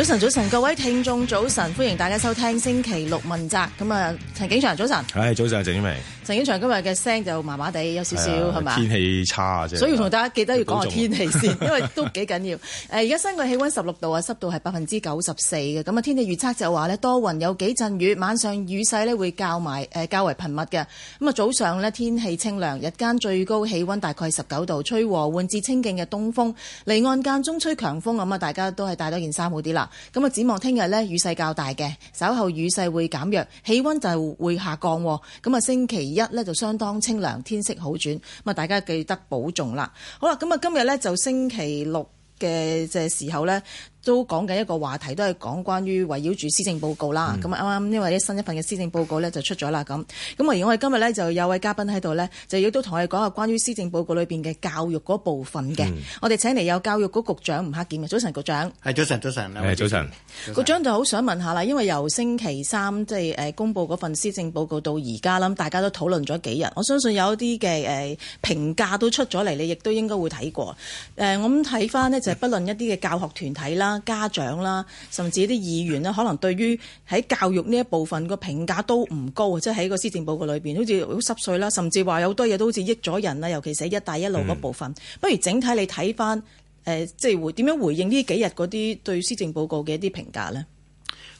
早晨，早晨，各位聽眾早晨，歡迎大家收聽星期六問責。咁、呃、啊，陳景祥，早晨。係、哎、早晨，鄭英明。陳場今日嘅聲就麻麻地，有少少係嘛？哎、呀吧天氣差啫！所以同大家記得要講下天氣先，啊、因為都幾緊要。誒，而家新界氣温十六度啊，濕度係百分之九十四嘅。咁啊，天氣預測就話呢，多雲有幾陣雨，晚上雨勢咧會較埋誒較為頻密嘅。咁啊，早上呢，天氣清涼，日間最高氣温大概十九度，吹和緩至清勁嘅東風，離岸間中吹強風。咁啊，大家都係帶多件衫好啲啦。咁啊，展望聽日呢，雨勢較大嘅，稍後雨勢會減弱，氣温就會下降。咁啊，星期一，一咧，就相當清涼，天色好轉。咁啊，大家記得保重啦。好啦，咁啊今日咧就星期六嘅嘅時候咧，都講緊一個話題，都係講關於圍繞住施政報告啦。咁啱啱因為新一份嘅施政報告呢就出咗啦，咁咁，而我哋今日呢就有位嘉賓喺度呢，就亦都同我哋講下關於施政報告裏邊嘅教育嗰部分嘅。嗯、我哋請嚟有教育局局長吳克儉嘅，早晨局長。係早晨，早晨，早晨。局長，就好想問下啦，因為由星期三即係誒公佈嗰份施政報告到而家啦，大家都討論咗幾日，我相信有啲嘅誒評價都出咗嚟，你亦都應該會睇過。誒、呃，我咁睇翻呢，就係不論一啲嘅教學團體啦。家長啦，甚至啲議員啦，可能對於喺教育呢一部分個評價都唔高，即係喺個施政報告裏邊，好似好濕碎啦，甚至話有好多嘢都好似益咗人啦。尤其係一帶一路嗰部分，嗯、不如整體你睇翻誒，即係會點樣回應呢幾日嗰啲對施政報告嘅一啲評價呢？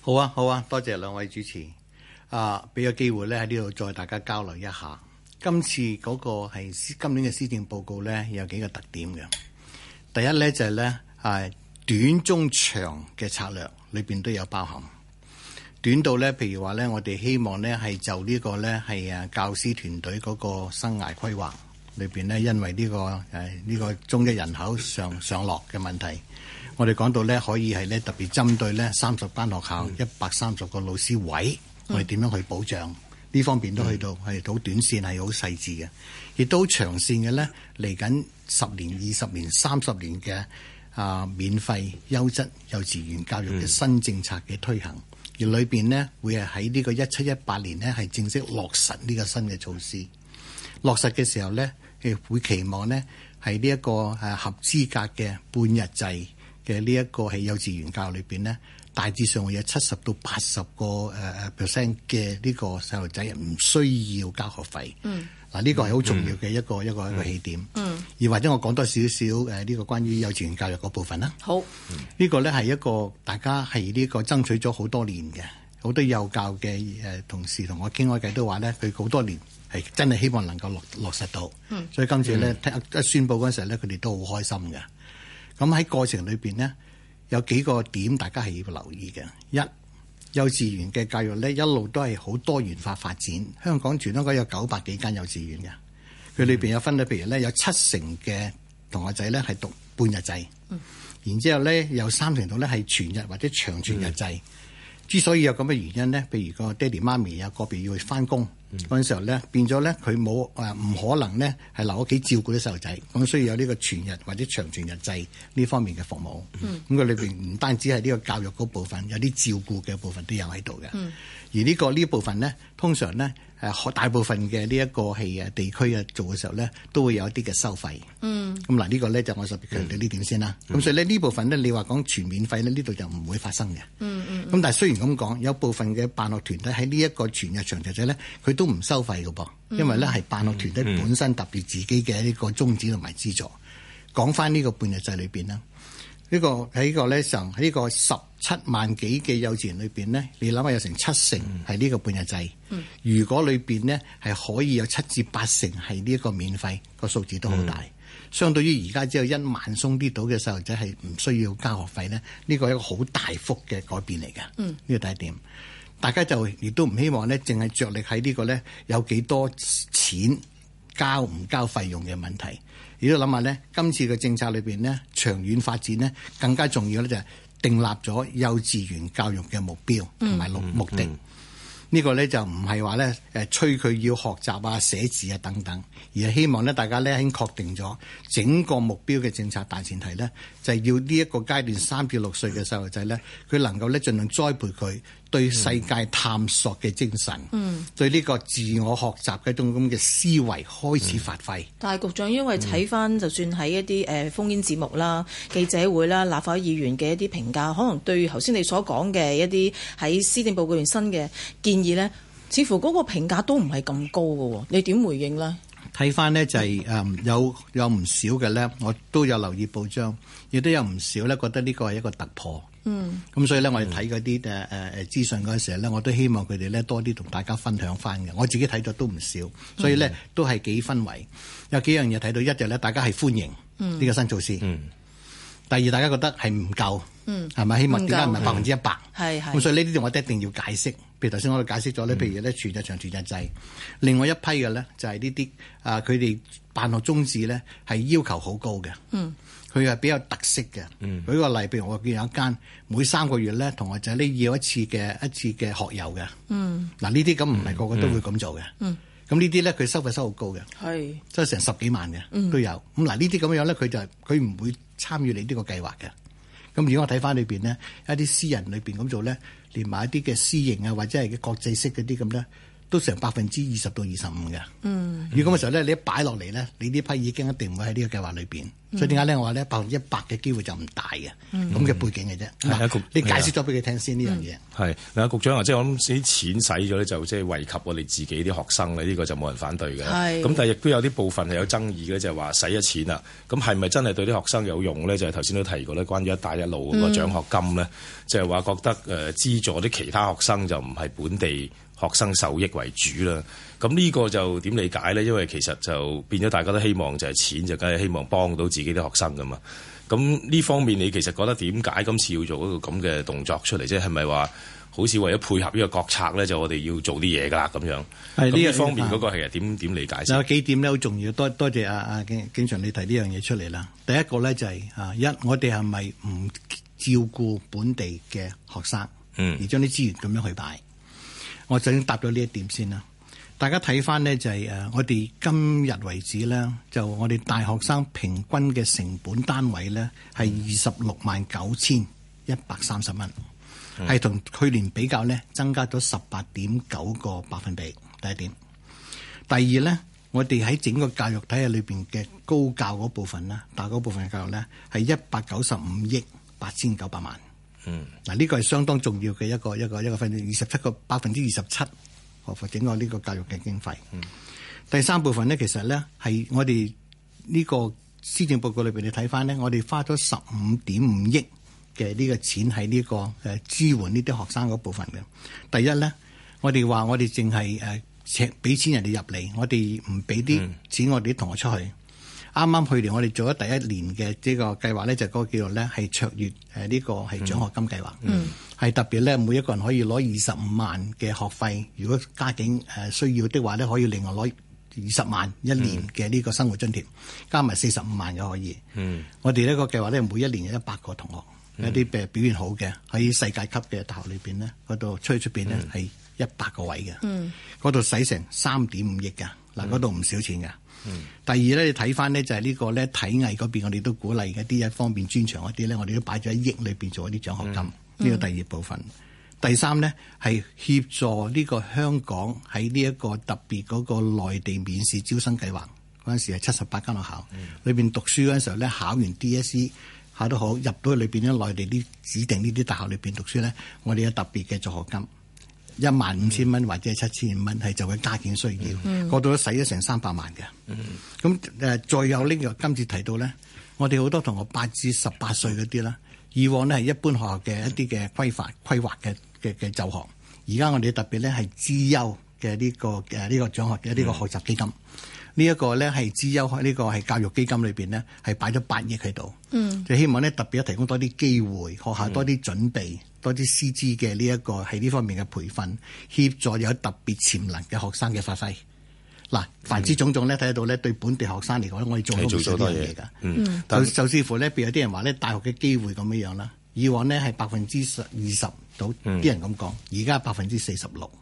好啊，好啊，多謝兩位主持啊！俾個機會咧喺呢度再大家交流一下。今次嗰個係今年嘅施政報告呢，有幾個特點嘅，第一呢，就係、係、呢。係、啊。短中長嘅策略裏邊都有包含。短到呢，譬如話呢，我哋希望呢係就呢個呢係啊教師團隊嗰個生涯規劃裏邊呢，因為呢、這個誒呢、這個中一人口上上落嘅問題，我哋講到呢，可以係呢特別針對呢三十班學校一百三十個老師位，嗯、我哋點樣去保障？呢、嗯、方面都去到係好短線，係好細緻嘅，亦都長線嘅呢。嚟緊十年、二十年、三十年嘅。啊！免費優質幼稚園教育嘅新政策嘅推行，嗯、而裏邊咧會係喺呢個一七一八年咧係正式落實呢個新嘅措施。落實嘅時候呢，佢會期望呢係呢一個誒合資格嘅半日制嘅呢一個喺幼稚園教育裏邊咧，大致上會有七十到八十個誒誒 percent 嘅呢個細路仔唔需要交學費。嗯。嗱，呢個係好重要嘅一個一個、嗯、一個起點，嗯，而或者我講多少少誒呢個關於幼稚園教育嗰部分啦。好，呢、嗯、個咧係一個大家係呢個爭取咗好多年嘅，好多幼教嘅誒同事同我傾開偈都話咧，佢好多年係真係希望能夠落落實到，嗯、所以今次咧、嗯、宣佈嗰陣時咧，佢哋都好開心嘅。咁喺過程裏邊呢，有幾個點大家係要留意嘅一。幼稚園嘅教育咧，一路都係好多元化發展。香港，全香港有九百幾間幼稚園嘅，佢裏邊有分，譬如咧有七成嘅同學仔咧係讀半日制，嗯、然之後咧有三成度咧係全日或者長全日制。嗯、之所以有咁嘅原因咧，譬如個爹哋媽咪有個別要去返工。嗰陣時候咧，變咗咧，佢冇誒，唔可能咧係留屋企照顧啲細路仔，咁需要有呢個全日或者長全日制呢方面嘅服務。嗯，咁佢裏邊唔單止係呢個教育嗰部分，有啲照顧嘅部分都有喺度嘅。嗯而呢、這個呢一部分咧，通常咧，誒，大部分嘅呢一個係啊地區啊做嘅時候咧，都會有一啲嘅收費。嗯。咁嗱，呢個咧就我特別強調呢點先啦。咁、嗯、所以呢，呢部分咧，你話講全免費咧，呢度就唔會發生嘅、嗯。嗯嗯。咁但係雖然咁講，有部分嘅辦學團體喺呢一個全日場或者咧，佢都唔收費㗎噃，因為咧係辦學團體本身特別自己嘅呢個宗旨同埋資助。嗯嗯嗯、講翻呢個半日制裏邊咧。呢個喺呢個咧，就喺呢個十七萬幾嘅幼稚園裏邊咧，你諗下有成七成係呢個半日制。嗯、如果裏邊呢係可以有七至八成係呢一個免費，個數字都好大。嗯、相對於而家只有一萬鬆啲度嘅細路仔係唔需要交學費咧，呢個係一個好大幅嘅改變嚟嘅。呢個、嗯、第一點，大家就亦都唔希望咧，淨係着力喺呢個咧有幾多錢交唔交費用嘅問題。亦都諗下咧，今次嘅政策裏邊咧，長遠發展咧，更加重要咧就係定立咗幼稚園教育嘅目標同埋目目的。呢、mm hmm. 個咧就唔係話咧誒，催佢要學習啊、寫字啊等等，而係希望咧大家咧已經確定咗整個目標嘅政策大前提咧，就係、是、要呢一個階段三至六歲嘅細路仔咧，佢能夠咧盡量栽培佢。對世界探索嘅精神，嗯，對呢個自我學習嘅一種咁嘅思維開始發揮、嗯。但係局長，因為睇返、嗯、就算喺一啲誒烽煙節目啦、記者會啦、立法會議員嘅一啲評價，可能對頭先你所講嘅一啲喺施政報告裏面新嘅建議呢，似乎嗰個評價都唔係咁高嘅，你點回應呢？睇返呢，就係誒有有唔少嘅呢，我都有留意報章，亦都有唔少呢，覺得呢個係一個突破。嗯，咁所以咧，我哋睇嗰啲誒誒誒資訊嗰陣時咧，我都希望佢哋咧多啲同大家分享翻嘅。我自己睇咗都唔少，所以咧都係幾氛圍。有幾樣嘢睇到，一就咧大家係歡迎呢個新措施。嗯嗯、第二，大家覺得係唔夠，係咪、嗯？希望點解唔係百分之一百？係係夠。咁所以呢啲我一定要解釋。譬如頭先我哋解釋咗咧，譬如咧全日長全日制，嗯、另外一批嘅咧就係呢啲啊，佢、呃、哋辦學宗旨咧係要求好高嘅。嗯。佢係比較特色嘅。舉個例，譬如我見有一間每三個月咧，同學仔呢要一次嘅一次嘅學遊嘅。嗱、嗯，呢啲咁唔係個個都會咁做嘅。咁、嗯、呢啲咧，佢收費收好高嘅，即係是成十幾萬嘅都有。咁嗱，呢啲咁樣咧，佢就佢唔會參與你呢個計劃嘅。咁如果我睇翻裏邊咧，一啲私人裏邊咁做咧，連埋一啲嘅私營啊，或者係嘅國際式嗰啲咁咧。都成百分之二十到二十五嘅，如果嘅時候咧、嗯，你一擺落嚟咧，你呢批已經一定唔會喺呢個計劃裏邊。嗯、所以點解咧？我話咧，百分之一百嘅機會就唔大嘅，咁嘅、嗯、背景嘅啫。你解釋咗俾佢聽先呢樣嘢。係啊，局長啊，即係我諗啲錢使咗咧，就即係惠及我哋自己啲學生啦。呢、呢個就冇人反對嘅。咁的但係亦都有啲部分係有爭議嘅，就係話使咗錢啦。咁係咪真係對啲學生有用咧？就係頭先都提過咧，關於一帶一路個獎學金咧，嗯、就係話覺得誒資助啲其他學生就唔係本地學生受益為主啦，咁呢個就點理解咧？因為其實就變咗大家都希望就係，錢就梗係希望幫到自己啲學生噶嘛。咁呢方面你其實覺得，點解今次要做一個咁嘅動作出嚟，即係咪話好似為咗配合呢個國策咧？就我哋要做啲嘢噶啦咁樣。係呢一方面嗰個係啊，點點理解先？有幾點咧好重要？多多謝啊，啊經常你提呢樣嘢出嚟啦。第一個咧，就係啊，一我哋係咪唔照顧本地嘅學生，嗯，而將啲資源咁樣去擺？我就想答咗呢一點先啦。大家睇翻呢，就係、是、誒，我哋今日為止呢，就我哋大學生平均嘅成本單位呢，係二十六萬九千一百三十蚊，係同去年比較呢，增加咗十八點九個百分比。第一點，第二呢，我哋喺整個教育體系裏邊嘅高教嗰部分啦，大學嗰部分嘅教育呢，係一百九十五億八千九百萬。嗯，嗱呢個係相當重要嘅一個一個一個分，二十七個百分之二十七，或整個呢個教育嘅經費。嗯、第三部分呢，其實呢，係我哋呢個施政報告裏邊你睇翻呢，我哋花咗十五點五億嘅呢個錢喺呢個誒支援呢啲學生嗰部分嘅。第一呢，我哋話我哋淨係誒，俾錢人哋入嚟，我哋唔俾啲錢我哋啲同學出去。嗯啱啱去年我哋做咗第一年嘅呢個計劃咧，就嗰、是、個叫做咧係卓越誒呢、呃這個係獎學金計劃，係、嗯、特別咧每一個人可以攞二十五萬嘅學費，如果家境誒需要的話咧，可以另外攞二十萬一年嘅呢個生活津貼，嗯、加埋四十五萬就可以。嗯、我哋呢個計劃咧每一年有一百個同學，嗯、有一啲表表現好嘅喺世界級嘅大學裏邊呢，嗰度出去出邊呢係一百個位嘅，嗰度使成三點五億噶，嗱嗰度唔少錢噶。嗯、第二咧，你睇翻呢就係、是、呢個咧體藝嗰邊，我哋都鼓勵嘅啲一方面專長嗰啲咧，我哋都擺咗喺一億裏邊做嗰啲獎學金，呢個、嗯嗯、第二部分。第三呢，係協助呢個香港喺呢一個特別嗰個內地免試招生計劃嗰陣時係七十八間學校、嗯、裏邊讀書嗰陣時候咧，考完 DSE 考得好入到去裏邊咧內地啲指定呢啲大學裏邊讀書咧，我哋有特別嘅助學金。一萬五千蚊或者係七千五蚊，係就會加件需要。Mm hmm. 過到咗使咗成三百萬嘅。咁誒再有呢個今次提到咧，我哋好多同學八至十八歲嗰啲啦，以往呢係一般學校嘅一啲嘅規劃規劃嘅嘅嘅就學，而家我哋特別咧係資優嘅呢個誒呢個獎學嘅呢個學習基金。Mm hmm. 呢一個咧係資優，呢個係教育基金裏邊呢係擺咗八億喺度。嗯，就希望呢特別提供多啲機會，學校多啲準備，嗯、多啲師資嘅呢一個係呢方面嘅培訓，協助有特別潛能嘅學生嘅發揮。嗱，凡此種種咧，睇到咧對本地學生嚟講咧，我哋做咗好多嘢㗎。嗯就，就似乎呢，乎咧，有啲人話呢大學嘅機會咁樣樣啦，以往呢係百分之十二十到，啲人咁講，而家百分之四十六。嗯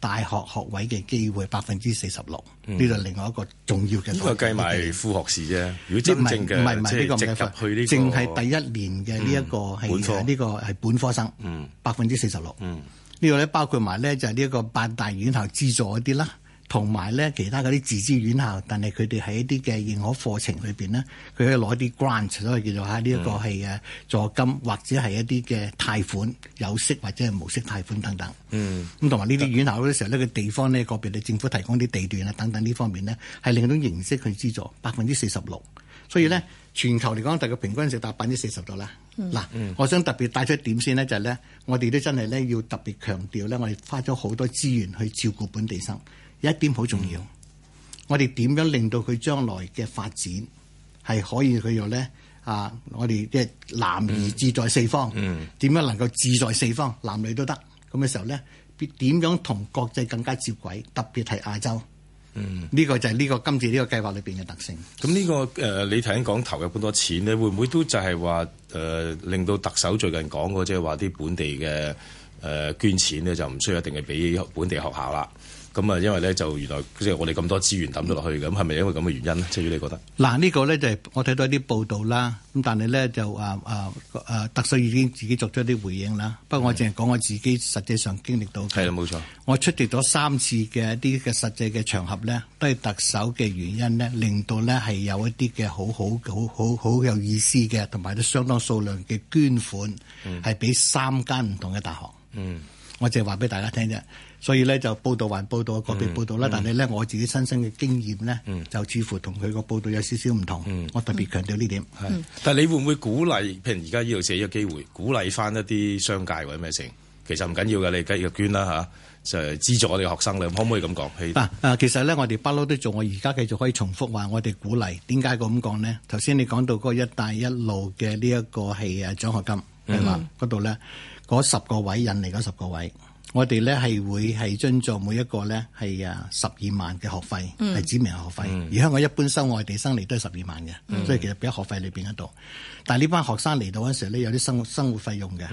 大學學位嘅機會百分之四十六，呢度、嗯、另外一個重要嘅。呢、嗯、個計埋副學士啫，如果真正嘅唔係積入去呢、這個，正係第一年嘅呢一個係呢個係本科生，百分之四十六。呢個咧包括埋咧就係呢一個八大院校資助嗰啲啦。同埋咧，其他嗰啲自資院校，但係佢哋喺一啲嘅認可課程裏邊咧，佢可以攞一啲 grant，所以叫做嚇呢一個係嘅助金，或者係一啲嘅貸款有息或者係無息貸款等等。嗯，咁同埋呢啲院校嗰啲時候呢個地方咧，個別你政府提供啲地段啊，等等呢方面咧，係另一種形式去資助百分之四十六。所以咧，全球嚟講，大概平均值達百分之四十度啦。嗱、嗯，我想特別帶出一點先咧，就係咧，我哋都真係咧要特別強調咧，我哋花咗好多資源去照顧本地生。一點好重要，嗯、我哋點樣令到佢將來嘅發展係可以佢用咧？啊，我哋即係男兒志在四方，點、嗯嗯、樣能夠志在四方，男女都得咁嘅時候咧？點樣同國際更加接軌？特別係亞洲，呢、嗯、個就係呢、呢個今次呢個計劃裏邊嘅特性。咁呢、嗯呢個誒，你頭先講投入咁多錢咧，會唔會都就係話誒令到特首最近講過，即係話啲本地嘅誒、呃、捐錢咧，就唔需要一定係俾本地學校啦。咁啊、嗯，因為咧就原來即係我哋咁多資源抌咗落去嘅，咁係咪因為咁嘅原因呢？至於你覺得，嗱呢、呢個呢就係我睇到一啲報道啦。咁但係呢，就啊啊啊特首已經自己作出一啲回應啦。不過我淨係講我自己實際上經歷到嘅。係啦、嗯，冇錯。我出席咗三次嘅一啲嘅實際嘅場合呢，都係特首嘅原因呢，令到呢係有一啲嘅好好好好好有意思嘅，同埋啲相當數量嘅捐款係俾、嗯、三間唔同嘅大學。嗯，我淨係話俾大家聽啫。所以咧就報道還報道，個別報道啦。嗯、但係咧我自己親身嘅經驗咧，嗯、就似乎同佢個報道有少少唔同。嗯、我特別強調呢點。但係你會唔會鼓勵？譬如而家依度借依個機會，鼓勵翻一啲商界或者咩成，其實唔緊要嘅。你繼續捐啦吓，就、啊、係資助我哋學生你可唔可以咁講？嗱、啊啊，其實咧我哋不嬲都做。我而家繼續可以重複話，我哋鼓勵。點解咁講呢？頭先你講到嗰個「一帶一路」嘅呢一個係誒獎學金係嘛？嗰度咧嗰十個位引嚟嗰十個位。我哋咧係會係尊重每一個咧，係啊十二萬嘅學費係指明學費，而香港一般收外地生嚟都係十二萬嘅。嗯、所以其實俾喺學費裏邊嗰度。但係呢班學生嚟到嗰時咧有啲生生活費用嘅，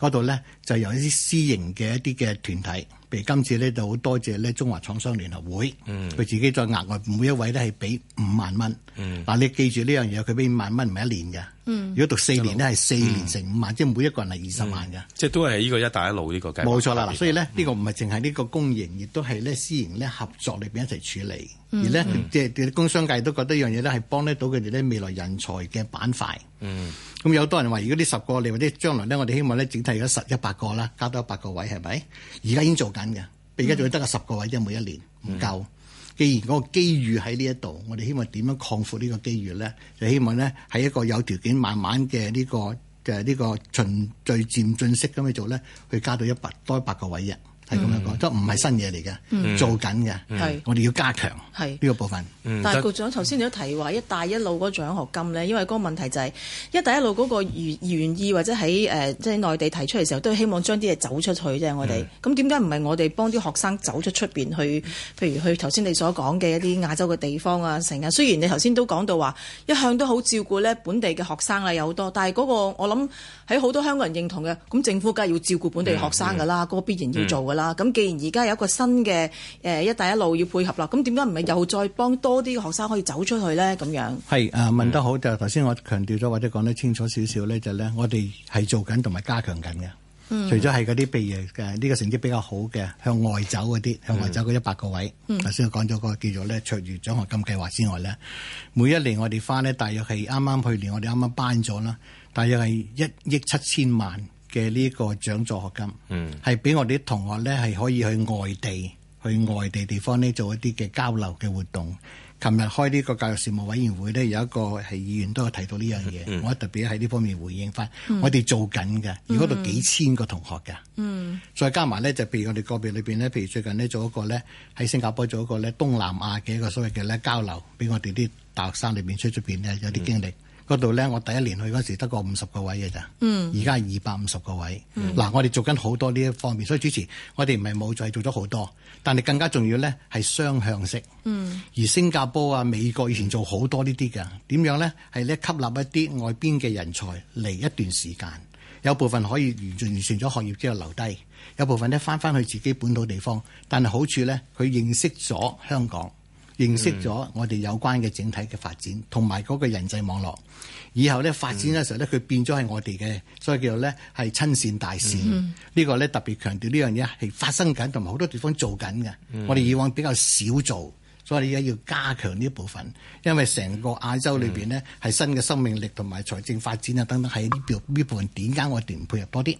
嗰度咧。就由一啲私營嘅一啲嘅團體，譬如今次咧就好多謝咧中華廠商聯合會，佢自己再額外每一位咧係俾五萬蚊。嗱你記住呢樣嘢，佢俾五萬蚊唔係一年嘅。如果讀四年呢係四年乘五萬，即係每一個人係二十萬嘅。即係都係呢個一帶一路呢個計。冇錯啦，嗱，所以呢，呢個唔係淨係呢個公營，亦都係呢私營咧合作裏邊一齊處理。而呢，即係工商界都覺得呢樣嘢呢，係幫得到佢哋呢未來人才嘅板塊。咁有好多人話，如果呢十個，你或者將來呢，我哋希望咧整體而家十一百。個啦，加多百個位係咪？而家已經做緊嘅，而家仲要得個十個位啫，每一年唔夠。既然嗰個機遇喺呢一度，我哋希望點樣擴闊呢個機遇咧？就希望咧喺一個有條件慢慢嘅呢個嘅呢個循序漸進式咁去做咧，去加到一百，多一百個位嘅。咁樣講，嗯、都唔係新嘢嚟嘅，嗯、做緊嘅。係、嗯，我哋要加強係呢是個部分。但係局長頭先你都提話，一帶一路嗰獎學金咧，因為嗰個問題就係、是、一帶一路嗰個原意或者喺誒、呃，即係內地提出嚟時候，都希望將啲嘢走出去啫。我哋咁點解唔係我哋幫啲學生走出出面去？譬如去頭先你所講嘅一啲亞洲嘅地方啊，成日雖然你頭先都講到話，一向都好照顧咧本地嘅學生啊，有好多。但係嗰、那個我諗喺好多香港人認同嘅，咁政府梗係要照顧本地學生㗎啦，嗰、嗯嗯、個必然要做㗎啦。啊，咁既然而家有一個新嘅誒、呃、一帶一路要配合啦，咁點解唔係又再幫多啲學生可以走出去呢？咁樣係啊，問得好。就頭先我強調咗或者講得清楚少少咧，就咧、係、我哋係做緊同埋加強緊嘅。嗯、除咗係嗰啲譬如誒呢個成績比較好嘅向外走嗰啲，向外走嗰一百個位。嗯，頭先我講咗個叫做咧卓越獎學金計劃之外咧，每一年我哋翻呢，大約係啱啱去年我哋啱啱頒咗啦，大約係一億七千萬，嘅呢個獎助學金，係俾、嗯、我哋啲同學咧係可以去外地，去外地地方呢，做一啲嘅交流嘅活動。琴日開呢個教育事務委員會咧，有一個係議員都有提到呢樣嘢，嗯、我特別喺呢方面回應返，我哋做緊嘅，如嗰度幾千個同學嘅，再、嗯、加埋咧就譬如我哋個別裏邊咧，譬如最近呢，做一個咧喺新加坡做一個咧東南亞嘅一個所謂嘅咧交流，俾我哋啲大學生裏邊出出邊咧有啲經歷。嗯嗰度咧，我第一年去嗰時得個五十個位嘅咋，而家二百五十個位。嗱、嗯，我哋做緊好多呢一方面，所以主持我哋唔係冇，再做咗好多。但係更加重要咧，係雙向式。嗯、而新加坡啊、美國以前做好多呢啲㗎，點樣咧係咧吸納一啲外邊嘅人才嚟一段時間，有部分可以完完全咗學業之後留低，有部分咧翻翻去自己本土地方，但係好處咧佢認識咗香港。認識咗我哋有關嘅整體嘅發展，同埋嗰個人際網絡，以後咧發展嘅時候咧，佢、嗯、變咗係我哋嘅，所以叫做咧係親善大使。呢、嗯、個咧特別強調呢樣嘢係發生緊，同埋好多地方做緊嘅，我哋以往比較少做。所以而家要加強呢一部分，因為成個亞洲裏邊呢係新嘅生命力同埋財政發展啊等等，係呢呢部分點解我哋唔配合多啲？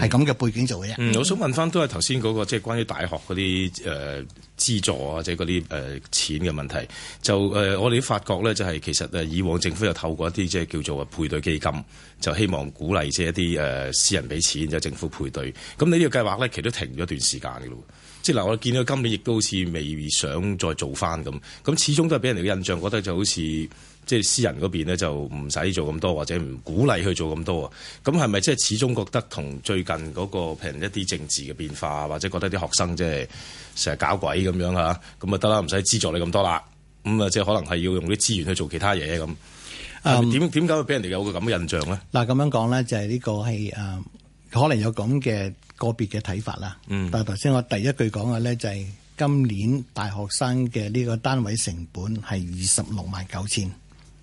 係咁嘅背景做嘅啫、嗯。我想問翻，都係頭先嗰個即係關於大學嗰啲誒資助啊，即係嗰啲誒錢嘅問題。就誒，我哋發覺咧、就是，就係其實誒以往政府又透過一啲即係叫做配對基金，就希望鼓勵即係一啲誒私人俾錢，就政府配對。咁你呢個計劃咧，其實都停咗一段時間噶咯。即係嗱，我見到今年亦都好似未想再做翻咁，咁始終都係俾人哋嘅印象覺得就好似即係私人嗰邊咧就唔使做咁多，或者唔鼓勵去做咁多啊。咁係咪即係始終覺得同最近嗰個譬如一啲政治嘅變化，或者覺得啲學生即係成日搞鬼咁樣嚇，咁啊得啦，唔使資助你咁多啦。咁啊即係可能係要用啲資源去做其他嘢咁。點點解會俾人哋有個咁嘅印象咧？嗱，咁樣講咧就係呢個係誒，可能有咁嘅，個別嘅睇法啦，嗯、但係頭先我第一句講嘅咧就係今年大學生嘅呢個單位成本係二十六萬九千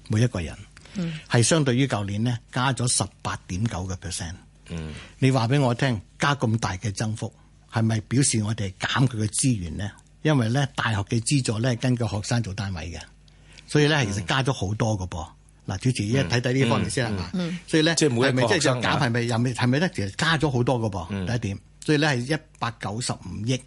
每一個人，係、嗯、相對於舊年咧加咗十八點九個 percent。嗯、你話俾我聽，加咁大嘅增幅係咪表示我哋減佢嘅資源咧？因為咧大學嘅資助咧根據學生做單位嘅，所以咧其實加咗好多嘅噃。嗱，主持一，依睇睇呢方面先啦，嘛、嗯，嗯、所以咧，即係唔係即係就減係咪又咪係咪咧？其實加咗好多個噃，嗯、第一點，所以咧係一百九十五億，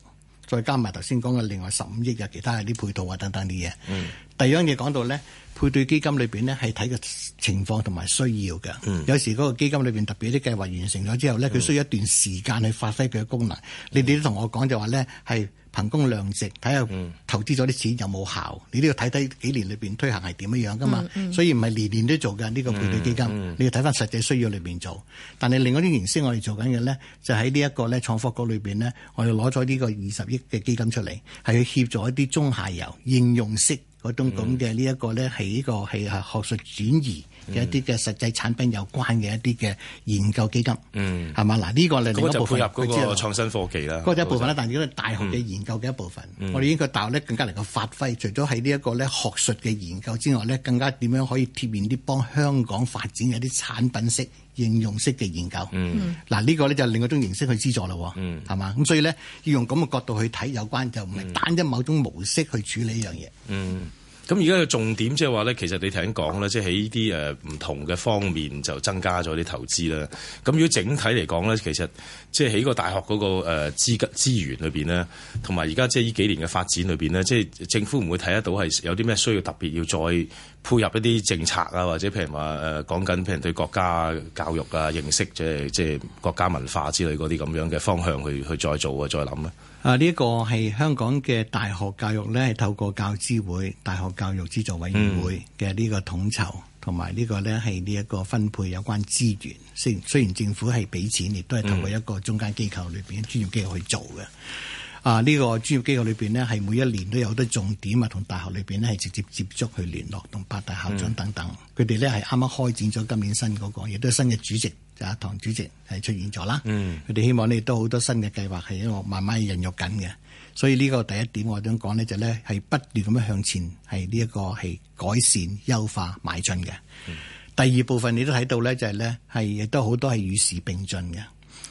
再加埋頭先講嘅另外十五億嘅其他嘅啲配套啊等等啲嘢。嗯、第二樣嘢講到咧，配對基金裏邊咧係睇個情況同埋需要嘅，嗯、有時嗰個基金裏邊特別啲計劃完成咗之後咧，佢、嗯、需要一段時間去發揮佢嘅功能。嗯、你哋都同我講就話咧係。憑工量值睇下投資咗啲錢有冇效？嗯、你都要睇睇幾年裏邊推行係點樣樣噶嘛？嗯嗯、所以唔係年年都做緊呢、呢個培訓基金，嗯嗯、你要睇翻實際需要裏邊做。但係另外啲形式我哋做緊嘅咧，就喺呢一個咧創科局裏邊咧，我哋攞咗呢個二十億嘅基金出嚟，係去協助一啲中下游應用式嗰種咁嘅呢一個咧，係呢個係學術轉移。嘅、嗯、一啲嘅實際產品有關嘅一啲嘅研究基金，嗯，係嘛？嗱，呢個咧另一個部分，咁就配合嗰個創新科技啦。嗰個一部分啦，但係如果係大學嘅研究嘅一部分，我哋應該大學咧、嗯、更加能夠發揮。除咗喺呢一個咧學術嘅研究之外咧，更加點樣可以貼面啲幫香港發展嘅一啲產品式、應用式嘅研究。嗯，嗱呢、嗯、個咧就係另一種形式去資助啦。嗯，係嘛？咁所以咧要用咁嘅角度去睇有關，就唔係單一某種模式去處理呢樣嘢。嗯。咁而家嘅重點即係話咧，其實你頭先講咧，即係喺啲誒唔同嘅方面就增加咗啲投資啦。咁如果整體嚟講咧，其實即係喺個大學嗰個誒資金資源裏邊咧，同埋而家即係呢幾年嘅發展裏邊咧，即係政府唔會睇得到係有啲咩需要特別要再注入一啲政策啊，或者譬如話誒講緊，呃、譬如對國家教育啊、認識即係即係國家文化之類嗰啲咁樣嘅方向去去再做啊、再諗啦。啊，呢、啊呢個係香港嘅大學教育咧，係透過教資會大學教育資助委員會嘅呢個統籌，同埋、嗯、呢個咧係呢一個分配有關資源。雖雖然政府係俾錢，亦都係透過一個中間機構裏嘅專業機構去做嘅。嗯啊！呢、這個專業機構裏邊呢，係每一年都有好多重點啊，同大學裏邊呢，係直接接觸去聯絡，同八大校長等等，佢哋、嗯、呢，係啱啱開展咗今年新嗰、那個，亦都係新嘅主席就阿、是啊、唐主席係出現咗啦。佢哋、嗯、希望呢都好多新嘅計劃係一個慢慢孕育緊嘅。所以呢個第一點我想講呢，就呢、是、係不斷咁樣向前，係呢一個係改善、優化、邁進嘅。嗯、第二部分你都睇到呢，就係、是、呢，係亦都好多係與時並進嘅。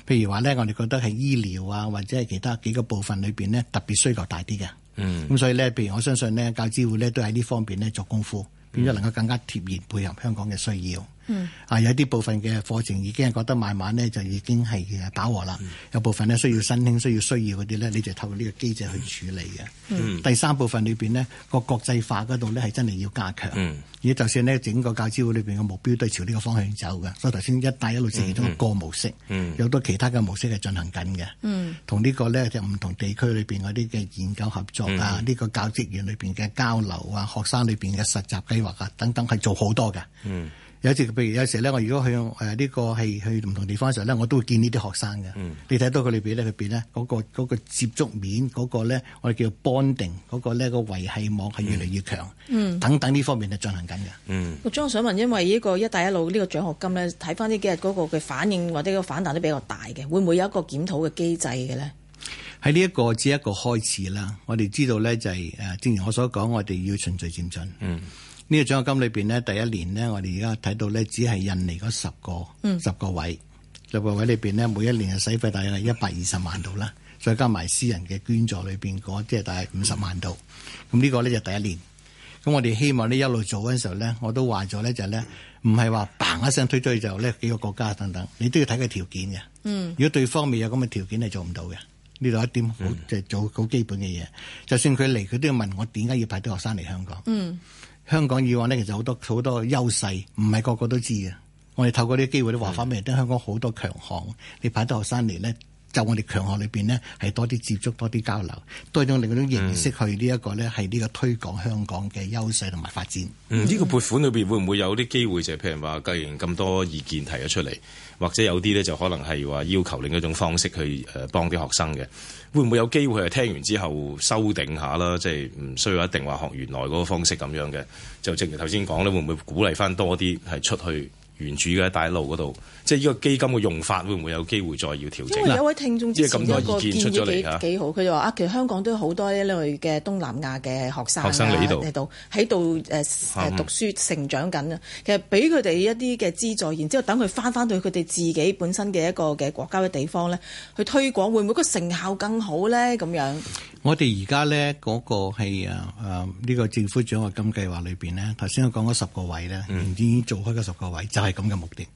譬如話呢，我哋覺得係醫療啊，或者係其他幾個部分裏邊呢，特別需求大啲嘅。嗯，咁所以呢，譬如我相信呢，教資會呢，都喺呢方面呢，做功夫，變咗能夠更加貼現配合香港嘅需要。嗯，啊有啲部分嘅課程已經係覺得慢慢咧就已經係飽和啦，嗯、有部分咧需要申請、需要需要嗰啲咧，你就透過呢個機制去處理嘅。嗯，第三部分裏邊呢，個國際化嗰度呢，係真係要加強。嗯、而就算呢，整個教資會裏邊嘅目標都係朝呢個方向走嘅，所以頭先一帶一路其中個模式，嗯、有好多其他嘅模式係進行緊嘅，嗯，同呢個呢，就唔同地區裏邊嗰啲嘅研究合作、嗯、啊，呢、呢個教職員裏邊嘅交流啊，學生裏邊嘅實習計劃啊，等等係做好多嘅，嗯。有時，譬如有時咧，我如果去誒呢、呃這個係去唔同地方嘅時候咧，我都會見呢啲學生嘅。嗯、你睇到佢裏面咧，裏面咧嗰個接觸面，嗰、那個咧我哋叫 bonding，嗰個咧、那個維繫網係越嚟越強，嗯、等等呢方面係進行緊嘅。我仲想問，文因為呢個一帶一路呢個獎學金咧，睇翻呢幾日嗰個嘅反應或者個反彈都比較大嘅，會唔會有一個檢討嘅機制嘅咧？喺呢一個只係一個開始啦。我哋知道咧，就係誒，正如我所講，我哋要循序漸進。嗯。呢個獎學金裏邊咧，第一年咧，我哋而家睇到咧，只係印尼嗰十個，嗯、十個位，十個位裏邊咧，每一年嘅使費大約係一百二十萬度啦，再加埋私人嘅捐助裏邊嗰，即係大約五十萬度。咁呢、嗯、個咧就第一年。咁我哋希望呢，一路做嗰陣時候咧，我都話咗咧就係咧，唔係話砰一聲推出去就呢幾個國家等等，你都要睇個條件嘅。嗯，如果對方未有咁嘅條件，係做唔到嘅。呢度一點好，即係、嗯、做好基本嘅嘢。就算佢嚟，佢都要問我點解要派啲學生嚟香港。嗯。嗯香港以往呢，其實好多好多優勢，唔係個，個個都知嘅。我哋透過呢啲機會都話翻俾人聽，的香港好多強項，你派多學生嚟呢。就我哋強項裏邊呢，係多啲接觸、多啲交流、多種另一種認識去呢一個呢，係呢個推廣香港嘅優勢同埋發展。呢、嗯這個撥款裏邊會唔會有啲機會就係譬如話，既然咁多意見提咗出嚟，或者有啲呢，就可能係話要求另一種方式去誒、呃、幫啲學生嘅，會唔會有機會係聽完之後修訂下啦？即係唔需要一定話學原來嗰個方式咁樣嘅，就正如頭先講呢，會唔會鼓勵翻多啲係出去原住嘅大陸嗰度？即係依個基金嘅用法會唔會有機會再要調整？因為有一位聽眾咁多意見出咗嚟，幾好，佢就話啊，其實香港都有好多呢類嘅東南亞嘅學生喺度喺度誒讀書成長緊啊！其實俾佢哋一啲嘅資助，然之後等佢翻翻到佢哋自己本身嘅一個嘅國家嘅地方咧，去推廣會唔會個成效更好咧？咁樣我，我哋而家咧嗰個係啊呢、呢個政府獎學金計劃裏邊咧，頭先我講嗰十個位咧，現、嗯、已經做開嗰十個位，就係咁嘅目的。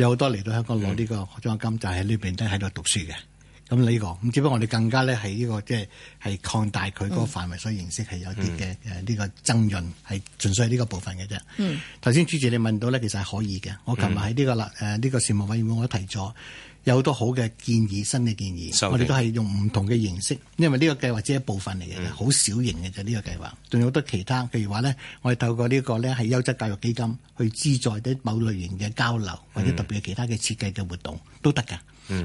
有好多嚟到香港攞呢個獎學金，就喺呢邊都喺度讀書嘅。咁呢、這個咁，只不過我哋更加咧係呢個即係係擴大佢嗰個範圍，嗯、所以形式係有啲嘅誒呢個增潤係，純粹係呢個部分嘅啫。頭先、嗯、主席你問到咧，其實係可以嘅。我琴日喺呢個啦誒呢個事務委員會我，我都提咗有好多好嘅建議，新嘅建議，席我哋都係用唔同嘅形式，嗯、因為呢個計劃只係一部分嚟嘅，好、嗯、小型嘅啫。呢、這個計劃仲有好多其他，譬如話咧，我哋透過個呢個咧係優質教育基金去資助啲某，某類型嘅交流，或者特別嘅其他嘅設計嘅活動都得㗎。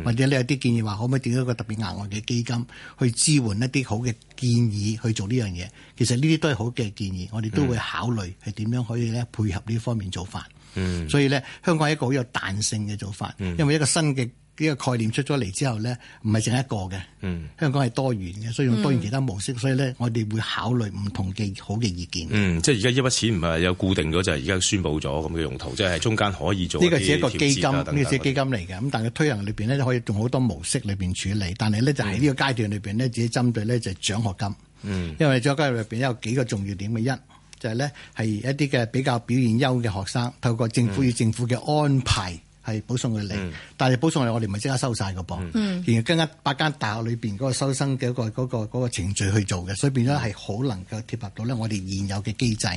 或者你有啲建議話，可唔可以點一個特別額外嘅基金去支援一啲好嘅建議去做呢樣嘢？其實呢啲都係好嘅建議，我哋都會考慮係點樣可以咧配合呢方面做法。嗯，所以咧香港係一個好有彈性嘅做法，因為一個新嘅。呢個概念出咗嚟之後呢，唔係淨一個嘅，嗯、香港係多元嘅，所以用多元其他模式，嗯、所以呢，我哋會考慮唔同嘅好嘅意見。嗯，即係而家呢筆錢唔係有固定咗，就係而家宣布咗咁嘅用途，即係中間可以做呢個只係一個基金，呢個只基金嚟嘅。咁但係推行裏邊呢，可以用好多模式裏邊處理。但係呢，就喺、是、呢個階段裏邊呢，只係針對呢就獎學金。嗯，因為獎學金入邊有幾個重要點嘅一就係、是、呢，係一啲嘅比較表現優嘅學生，透過政府與政府嘅安排。嗯係保送佢嚟，但係保送嚟我哋咪即刻收晒個噃，然後跟緊八間大學裏邊嗰個收生嘅嗰個嗰個程序去做嘅，所以變咗係好能夠貼合到咧我哋現有嘅機制，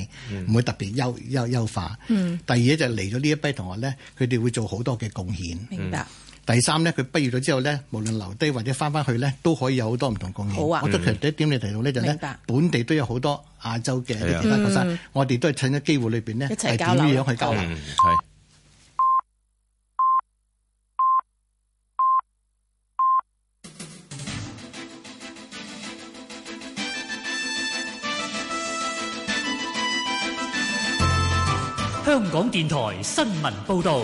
唔會特別優優優化。第二咧就嚟咗呢一批同學咧，佢哋會做好多嘅貢獻。明白。第三咧，佢畢業咗之後咧，無論留低或者翻翻去咧，都可以有好多唔同貢獻。我覺得其實第一點你提到呢，就咧，本地都有好多亞洲嘅其他學生，我哋都係趁咗機會裏邊呢，一齊點樣去交流。嗯，電台新聞報道：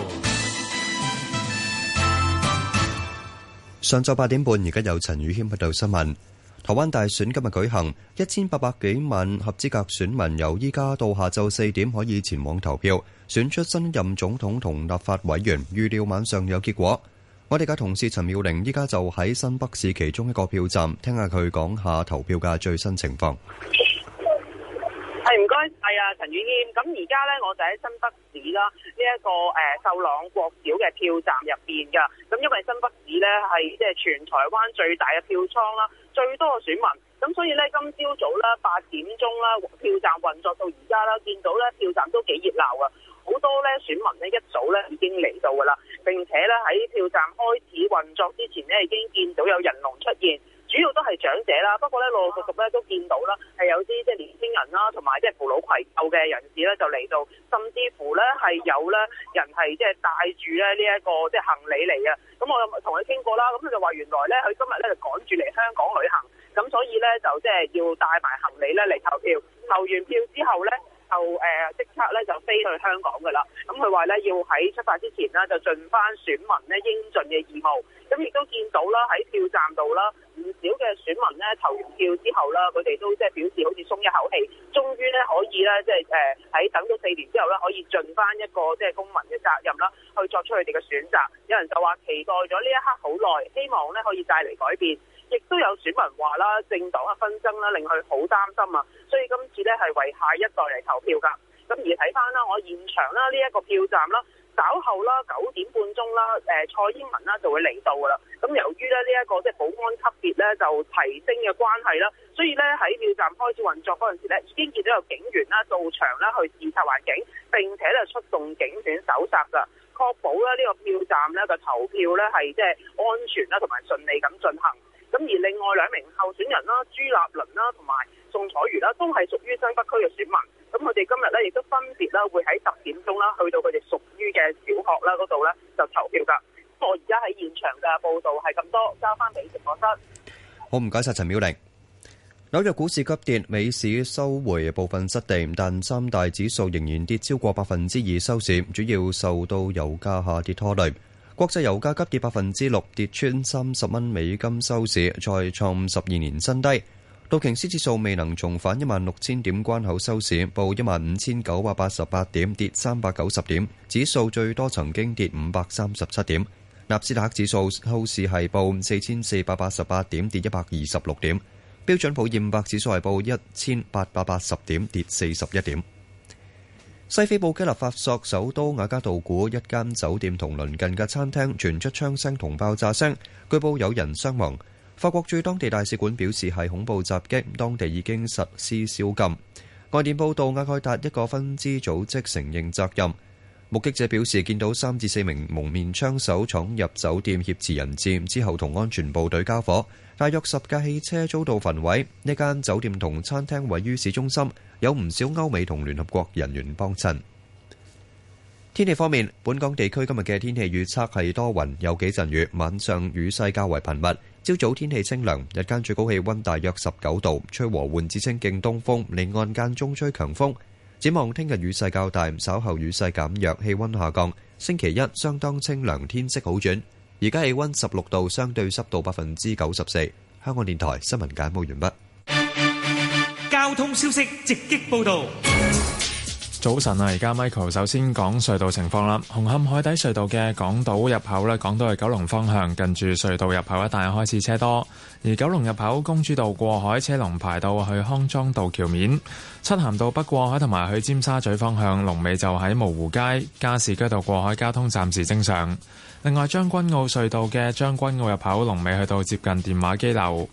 上晝八點半，而家有陳宇謙報道新聞。台灣大選今日舉行，一千八百幾萬合資格選民由依家到下晝四點可以前往投票，選出新任總統同立法委員。預料晚上有結果。我哋嘅同事陳妙玲依家就喺新北市其中一個票站，聽下佢講下投票嘅最新情況。係啊，陳雨嫣。咁而家咧，我就喺新北市啦，呢、這、一個誒秀朗國小嘅票站入邊噶。咁因為新北市咧係即係全台灣最大嘅票倉啦，最多嘅選民。咁所以咧，今朝早啦，八點鐘啦，票站運作到而家啦，見到咧票站都幾熱鬧啊！好多咧選民咧一早咧已經嚟到噶啦，並且咧喺票站開始運作之前咧已經見到有人龍出現。主要都係長者啦，不過咧，陸陸續續咧都見到啦，係有啲即係年輕人啦，同埋即係扶老攜幼嘅人士咧，就嚟到，甚至乎咧係有咧人係即係帶住咧呢一個即係行李嚟嘅。咁我同佢傾過啦，咁佢就話原來咧佢今日咧就趕住嚟香港旅行，咁所以咧就即係要帶埋行李咧嚟投票，投完票之後咧，就誒即刻咧就飛去香港嘅啦，咁佢話咧要喺出發之前呢，就盡翻選民咧應盡嘅義務。咁亦都見到啦，喺票站度啦，唔少嘅選民呢，投完票之後啦，佢哋都即係表示好似鬆一口氣，終於呢，可以呢，即係誒喺等到四年之後呢，可以盡翻一個即係公民嘅責任啦，去作出佢哋嘅選擇。有人就話期待咗呢一刻好耐，希望呢可以帶嚟改變，亦都有選民話啦，政黨嘅紛爭啦令佢好擔心啊，所以。咧係為下一代嚟投票噶，咁而睇翻啦，我現場啦呢一個票站啦，稍後啦九點半鐘啦，誒蔡英文啦就會嚟到噶啦，咁由於咧呢一個即係保安級別咧就提升嘅關係啦，所以咧喺票站開始運作嗰陣時咧，已經見到有警員啦到場啦去視察環境，並且咧出動警犬搜查噶，確保咧呢個票站咧嘅投票咧係即係安全啦同埋順利咁進行，咁而另外兩名候選人啦朱立倫啦同埋。宋彩如啦，都係屬於西北區嘅選民，咁佢哋今日呢亦都分別啦，會喺十點鐘啦，去到佢哋屬於嘅小學啦嗰度呢，就投票噶。我而家喺現場嘅報道係咁多，交翻俾直播室。好，唔該晒陳妙玲。紐約股市急跌，美市收回部分失地，但三大指數仍然跌超過百分之二收市，主要受到油價下跌拖累。國際油價急跌百分之六，跌穿三十蚊美金收市，再創十二年新低。道瓊斯指數未能重返一萬六千點關口收市，報一萬五千九百八十八點，跌三百九十點。指數最多曾經跌五百三十七點。納斯達克指數後市係報四千四百八十八點，跌一百二十六點。標準普爾五百指數係報一千八百八十點，跌四十一點。西非布基納法索首都雅加道古一間酒店同鄰近嘅餐廳傳出槍聲同爆炸聲，據報有人傷亡。法國駐當地大使館表示係恐怖襲擊，當地已經實施宵禁。外電報道，阿蓋達一個分支組織承認責任。目擊者表示見到三至四名蒙面槍手闖入酒店挾持人質之後，同安全部隊交火，大約十架汽車遭到焚毀。呢間酒店同餐廳位於市中心，有唔少歐美同聯合國人員幫襯。天氣方面，本港地區今日嘅天氣預測係多雲，有幾陣雨，晚上雨勢較為頻密。朝早天氣清涼，日間最高氣溫大約十九度，吹和緩至清勁東風，離岸間中吹強風。展望聽日雨勢較大，稍後雨勢減弱，氣溫下降。星期一相當清涼，天色好轉。而家氣溫十六度，相對濕度百分之九十四。香港電台新聞簡報完畢。交通消息直擊報道。早晨啊，而家 Michael 首先講隧道情況啦。紅磡海底隧道嘅港島入口呢，港島係九龍方向近住隧道入口一帶開始車多，而九龍入口公主道過海車龍排到去康莊道橋面。漆咸道北過海同埋去尖沙咀方向龍尾就喺蕪湖街、加士居道過海，交通暫時正常。另外，將軍澳隧道嘅將軍澳入口龍尾去到接近電話機樓。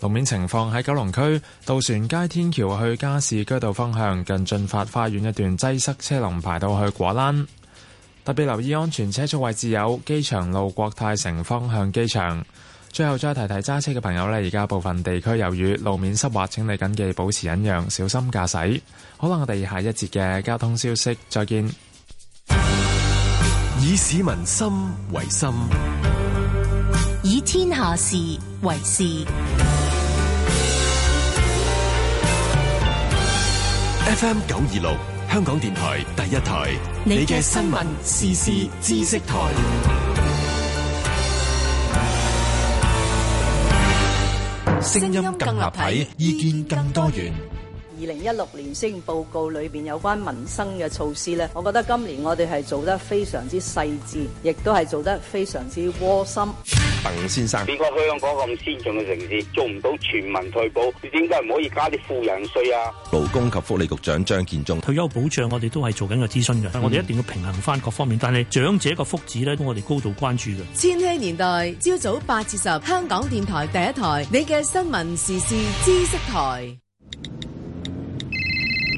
路面情況喺九龍區渡船街天橋去加士居道方向近駿發花園一段擠塞車龍排到去果欄，特別留意安全車速位置，有機場路國泰城方向機場。最後再提提揸車嘅朋友呢，而家部分地區有雨，路面濕滑，請你謹記保持忍讓，小心駕駛。好啦，我哋下一節嘅交通消息再見。以市民心為心，以天下事為事。FM 九二六，香港電台第一台，你嘅新聞、時事、知識台，聲音更立體，意見更多元。二零一六年施政報告裏邊有關民生嘅措施咧，我覺得今年我哋係做得非常之細緻，亦都係做得非常之窩心。鄧先生，你個香港咁先進嘅城市，做唔到全民退保，你點解唔可以加啲富人稅啊？勞工及福利局長張建宗，退休保障我哋都係做緊個諮詢嘅，嗯、我哋一定要平衡翻各方面，但係長者個福祉咧，都我哋高度關注嘅。千禧年代朝早八至十，香港電台第一台，你嘅新聞時事知識台。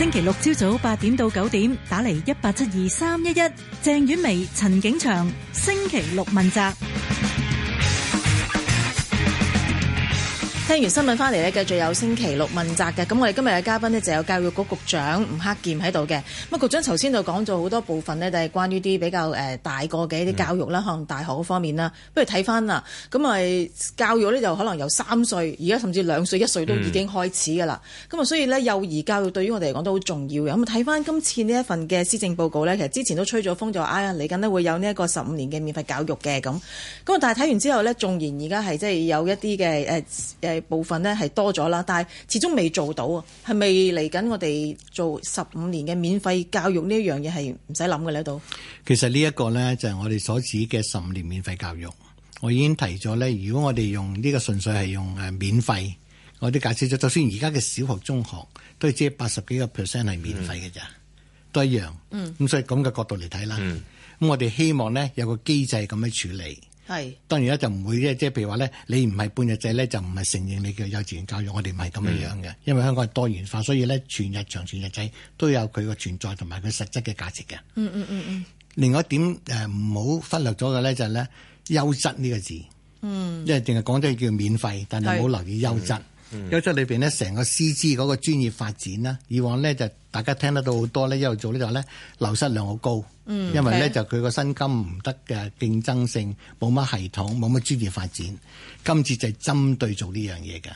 星期六朝早八點到九點，打嚟一八七二三一一，鄭婉薇、陳景祥，星期六問責。聽完新聞翻嚟咧，繼續有星期六問責嘅。咁我哋今日嘅嘉賓呢，就是、有教育局局長吳克儉喺度嘅。咁啊，局長頭先就講咗好多部分呢，就係關於啲比較誒大個嘅一啲教育啦，嗯、可能大學方面啦。不如睇翻啊，咁啊教育呢，就可能由三歲，而家甚至兩歲、一歲都已經開始噶啦。咁啊、嗯，所以呢，幼兒教育對於我哋嚟講都好重要嘅。咁睇翻今次呢一份嘅施政報告呢，其實之前都吹咗風，就話啊嚟緊呢會有呢一個十五年嘅免費教育嘅咁。咁啊，但係睇完之後呢，縱然而家係即係有一啲嘅誒誒。呃呃呃呃呃呃呃呃部分呢係多咗啦，但係始終未做到啊，係咪嚟緊我哋做十五年嘅免費教育呢一樣嘢係唔使諗嘅咧？都其實呢一個呢，就係我哋所指嘅十五年免費教育，我已經提咗呢，如果我哋用呢個純粹係用誒免費，我都解釋咗，就算而家嘅小學、中學都係只係八十幾個 percent 係免費嘅咋，嗯、都一樣。嗯，咁所以咁嘅角度嚟睇啦，咁、嗯、我哋希望呢，有個機制咁樣處理。係，是當然啦，就唔會咧，即係譬如話咧，你唔係半日制咧，就唔係承認你嘅幼稚園教育，我哋唔係咁樣樣嘅，嗯、因為香港係多元化，所以咧全日長全日制都有佢個存在同埋佢實質嘅價值嘅。嗯嗯嗯嗯。另外一點誒，唔、呃、好忽略咗嘅咧就係咧優質呢個字，嗯，因為淨係講咗叫免費，但係冇留意優質。優質、嗯、裏邊咧，成個師資嗰個專業發展啦，以往咧就大家聽得到好多咧，一路做呢就咧流失量好高，嗯、因為咧是就佢個薪金唔得嘅競爭性，冇乜系統，冇乜專業發展，今次就係針對做呢樣嘢嘅，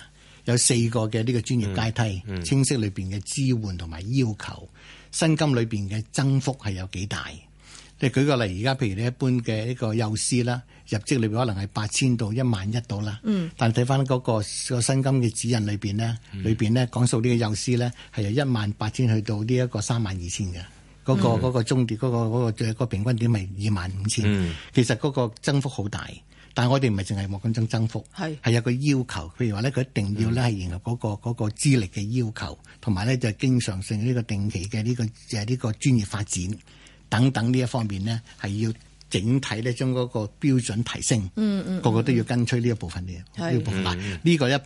有四個嘅呢個專業階梯，嗯、清晰裏邊嘅支援同埋要求，薪金裏邊嘅增幅係有幾大。你舉個例，而家譬如你一般嘅一個幼師啦，入職裏邊可能係八千到一萬一到啦。嗯。但睇翻嗰個薪、嗰個、金嘅指引裏邊咧，裏邊咧講述呢個幼師咧係由一萬八千去到呢一、個三萬二千嘅。嗯。嗰、嗰個嗰、嗰個中嗰、嗰個最、嗰個平均點係二萬五千。嗯、其實嗰個增幅好大，但係我哋唔係淨係望緊增增幅，係係是有個要求。譬如話咧，佢一定要咧係迎合嗰個嗰、嗯、個資歷嘅要求，同埋咧就係、經常性呢個定期嘅呢個誒呢個專業發展。等等呢一方面呢，係要整體咧將嗰個標準提升，嗯嗯，嗯個個都要跟隨呢一部分嘅呢、嗯、個一部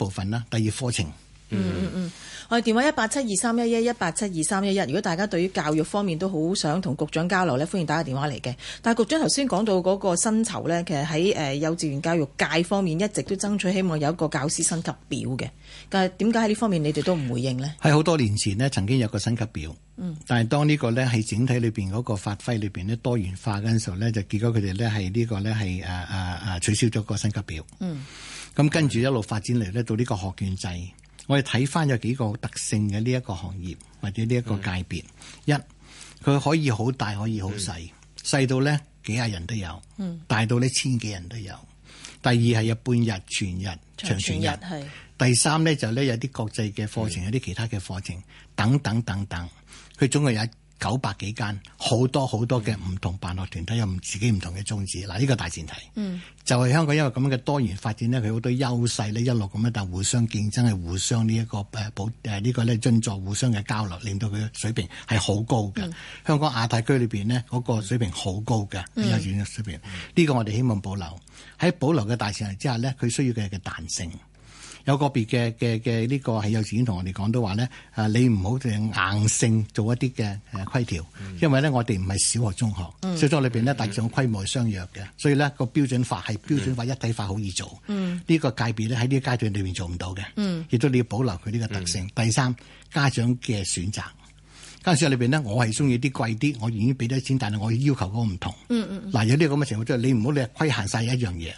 分啦。第二課程，嗯嗯嗯，我哋電話一八七二三一一一八七二三一一。如果大家對於教育方面都好想同局長交流呢，歡迎打個電話嚟嘅。但係局長頭先講到嗰個薪酬呢，其實喺誒幼稚園教育界方面一直都爭取，希望有一個教師薪級表嘅。但係點解喺呢方面你哋都唔回應呢？喺好多年前咧，曾經有個薪級表。嗯。但係當呢個咧係整體裏邊嗰個發揮裏邊咧多元化嗰陣時候咧，就結果佢哋咧係呢個咧係誒誒誒取消咗個薪級表。嗯。咁跟住一路發展嚟咧，到呢個學券制，我哋睇翻有幾個特性嘅呢一個行業或者呢一個界別。一，佢可以好大可以好細，細到咧幾廿人都有。大到呢千幾人都有。第二係有半日、全日、長全日係。第三咧就咧、是，有啲國際嘅課程，是有啲其他嘅課程，等等等等。佢總共有九百幾間，好多好多嘅唔同辦學團體，有唔自己唔同嘅宗旨。嗱，呢個大前提，嗯，就係香港因為咁樣嘅多元發展呢，佢好多優勢呢，一路咁樣，但互相競爭係互相、這個呃這個、呢一個誒保誒呢個咧進作互相嘅交流，令到佢嘅水平係好高嘅。嗯、香港亞太區裏邊呢，嗰、那個水平好高嘅，有時有水平。呢、嗯、個我哋希望保留喺保留嘅大前提之下呢，佢需要嘅嘅彈性，有個別嘅嘅嘅呢個係幼稚園同我哋講都話咧，啊你唔好硬性做一啲嘅誒規條，因為咧我哋唔係小學、中學，小學裏邊咧，大致上嘅規模係相若嘅，所以咧個標準化係標準化一體化好易做，呢個界別咧喺呢個階段裏邊做唔到嘅，亦都你要保留佢呢個特性。第三，家長嘅選擇，家長裏邊咧，我係中意啲貴啲，我願意俾多啲錢，但係我要求嗰個唔同。嗱，有呢啲咁嘅情況，即係你唔好你係規限晒一樣嘢。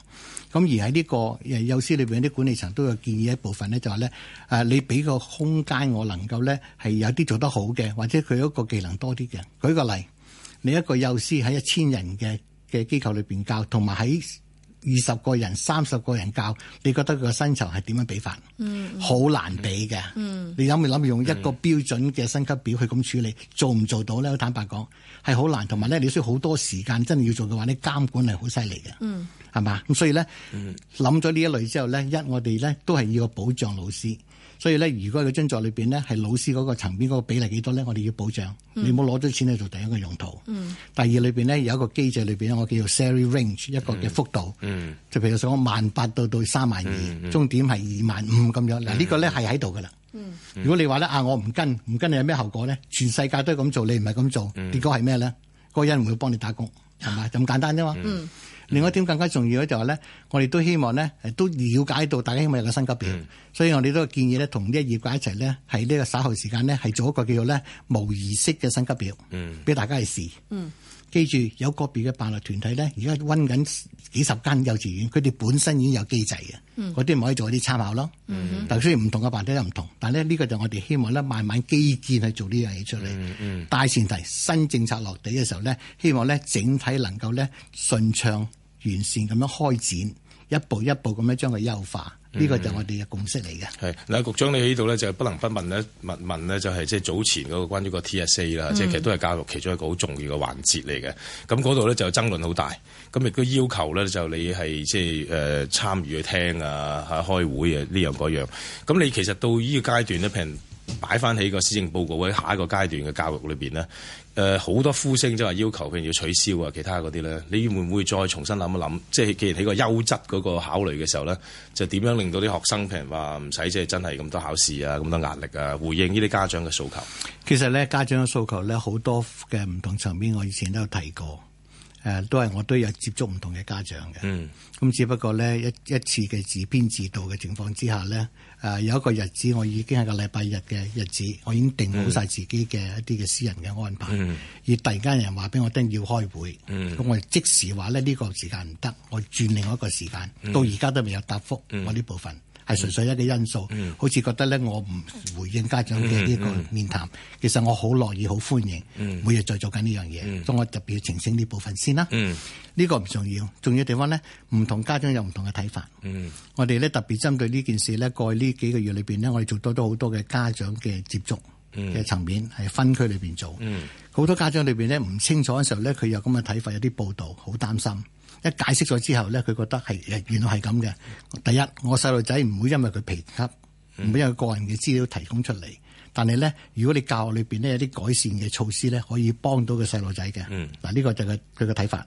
咁而喺呢個幼師裏邊啲管理層都有建議一部分咧，就話咧，誒你俾個空間我能夠咧係有啲做得好嘅，或者佢有一個技能多啲嘅。舉個例，你一個幼師喺一千人嘅嘅機構裏邊教，同埋喺二十個人、三十個人教，你覺得個薪酬係點樣比法嗯嗯？嗯，好難比嘅。嗯，你諗唔諗用一個標準嘅薪級表去咁處理，做唔做到咧？坦白講係好難，同埋咧你需要好多時間真係要做嘅話，咧監管係好犀利嘅。嗯。係嘛？咁所以咧，諗咗呢一類之後咧，一我哋咧都係要個保障老師，所以咧，如果個津貼裏邊咧係老師嗰個層面嗰個比例幾多咧，我哋要保障。你冇攞咗錢去做第一個用途。第二裏邊咧有一個機制裏邊咧，我叫做 salary range 一個嘅幅度，就譬如上想萬八到到三萬二，終點係二萬五咁樣。嗱呢個咧係喺度噶啦。如果你話咧啊，我唔跟唔跟你有咩後果咧？全世界都係咁做，你唔係咁做，結果係咩咧？嗰個人唔會幫你打工，係嘛咁簡單啫嘛。另外一點更加重要咧，就係咧，我哋都希望咧，都了解到大家希望有個薪級表。所以我哋都建議咧，同一業界一齊咧，喺呢個稍後時間咧，係做一個叫做咧無儀式嘅薪級表，俾大家去試。記住，有個別嘅辦學團體咧，而家溫緊幾十間幼稚園，佢哋本身已經有機制嘅，嗰啲唔可以做一啲參考咯。但雖然唔同嘅辦公室唔同，但咧呢個就我哋希望咧，慢慢基建去做呢樣嘢出嚟。大前提新政策落地嘅時候咧，希望咧整體能夠咧順暢。完善咁樣開展，一步一步咁樣將佢優化，呢、嗯、個就係我哋嘅共識嚟嘅。係，嗱，局長你喺呢度咧，就不能不問一問問咧，就係即係早前嗰個關於個 TSA 啦、嗯，即係其實都係教育其中一個好重要嘅環節嚟嘅。咁嗰度咧就爭論好大，咁亦都要求咧就是你係即係誒參與去聽啊，開會啊呢樣嗰樣。咁你其實到呢個階段咧，譬如擺翻喺個施政報告喺下一個階段嘅教育裏邊咧。誒好、呃、多呼聲即係要求，譬如要取消啊，其他嗰啲咧，你會唔會再重新諗一諗？即係既然喺個優質嗰個考慮嘅時候咧，就點樣令到啲學生譬如話唔使即係真係咁多考試啊、咁多壓力啊？回應呢啲家長嘅訴求。其實咧，家長嘅訴求咧好多嘅唔同層面，我以前都有提過。誒、呃，都係我都有接觸唔同嘅家長嘅。嗯。咁只不過咧，一一次嘅自編自導嘅情況之下咧。誒、uh, 有一個日子，我已經係個禮拜日嘅日子，我已經定好晒自己嘅一啲嘅私人嘅安排。Mm hmm. 而突然間有人話俾我聽要開會，咁、mm hmm. 我即時話咧呢，呢個時間唔得，我轉另外一個時間。Mm hmm. 到而家都未有答覆、mm hmm. 我呢部分。係純粹一個因素，嗯、好似覺得咧，我唔回應家長嘅呢個面談，嗯嗯、其實我好樂意、好歡迎，嗯、每日在做緊呢樣嘢。咁、嗯、我特別要澄清呢部分先啦、啊。呢、嗯、個唔重要，重要地方咧，唔同家長有唔同嘅睇法。嗯、我哋咧特別針對呢件事咧，過去呢幾個月裏邊呢，我哋做多咗好多嘅家長嘅接觸嘅層面，係、嗯、分區裏邊做。好、嗯、多家長裏邊呢，唔清楚嘅時候呢，佢有咁嘅睇法，有啲報道好擔心。一解釋咗之後咧，佢覺得係誒原來係咁嘅。第一，我細路仔唔會因為佢皮急，唔會、嗯、因為個人嘅資料提供出嚟。但係咧，如果你教學裏邊咧有啲改善嘅措施咧，可以幫到個細路仔嘅。嗱、嗯，呢個就係佢嘅睇法。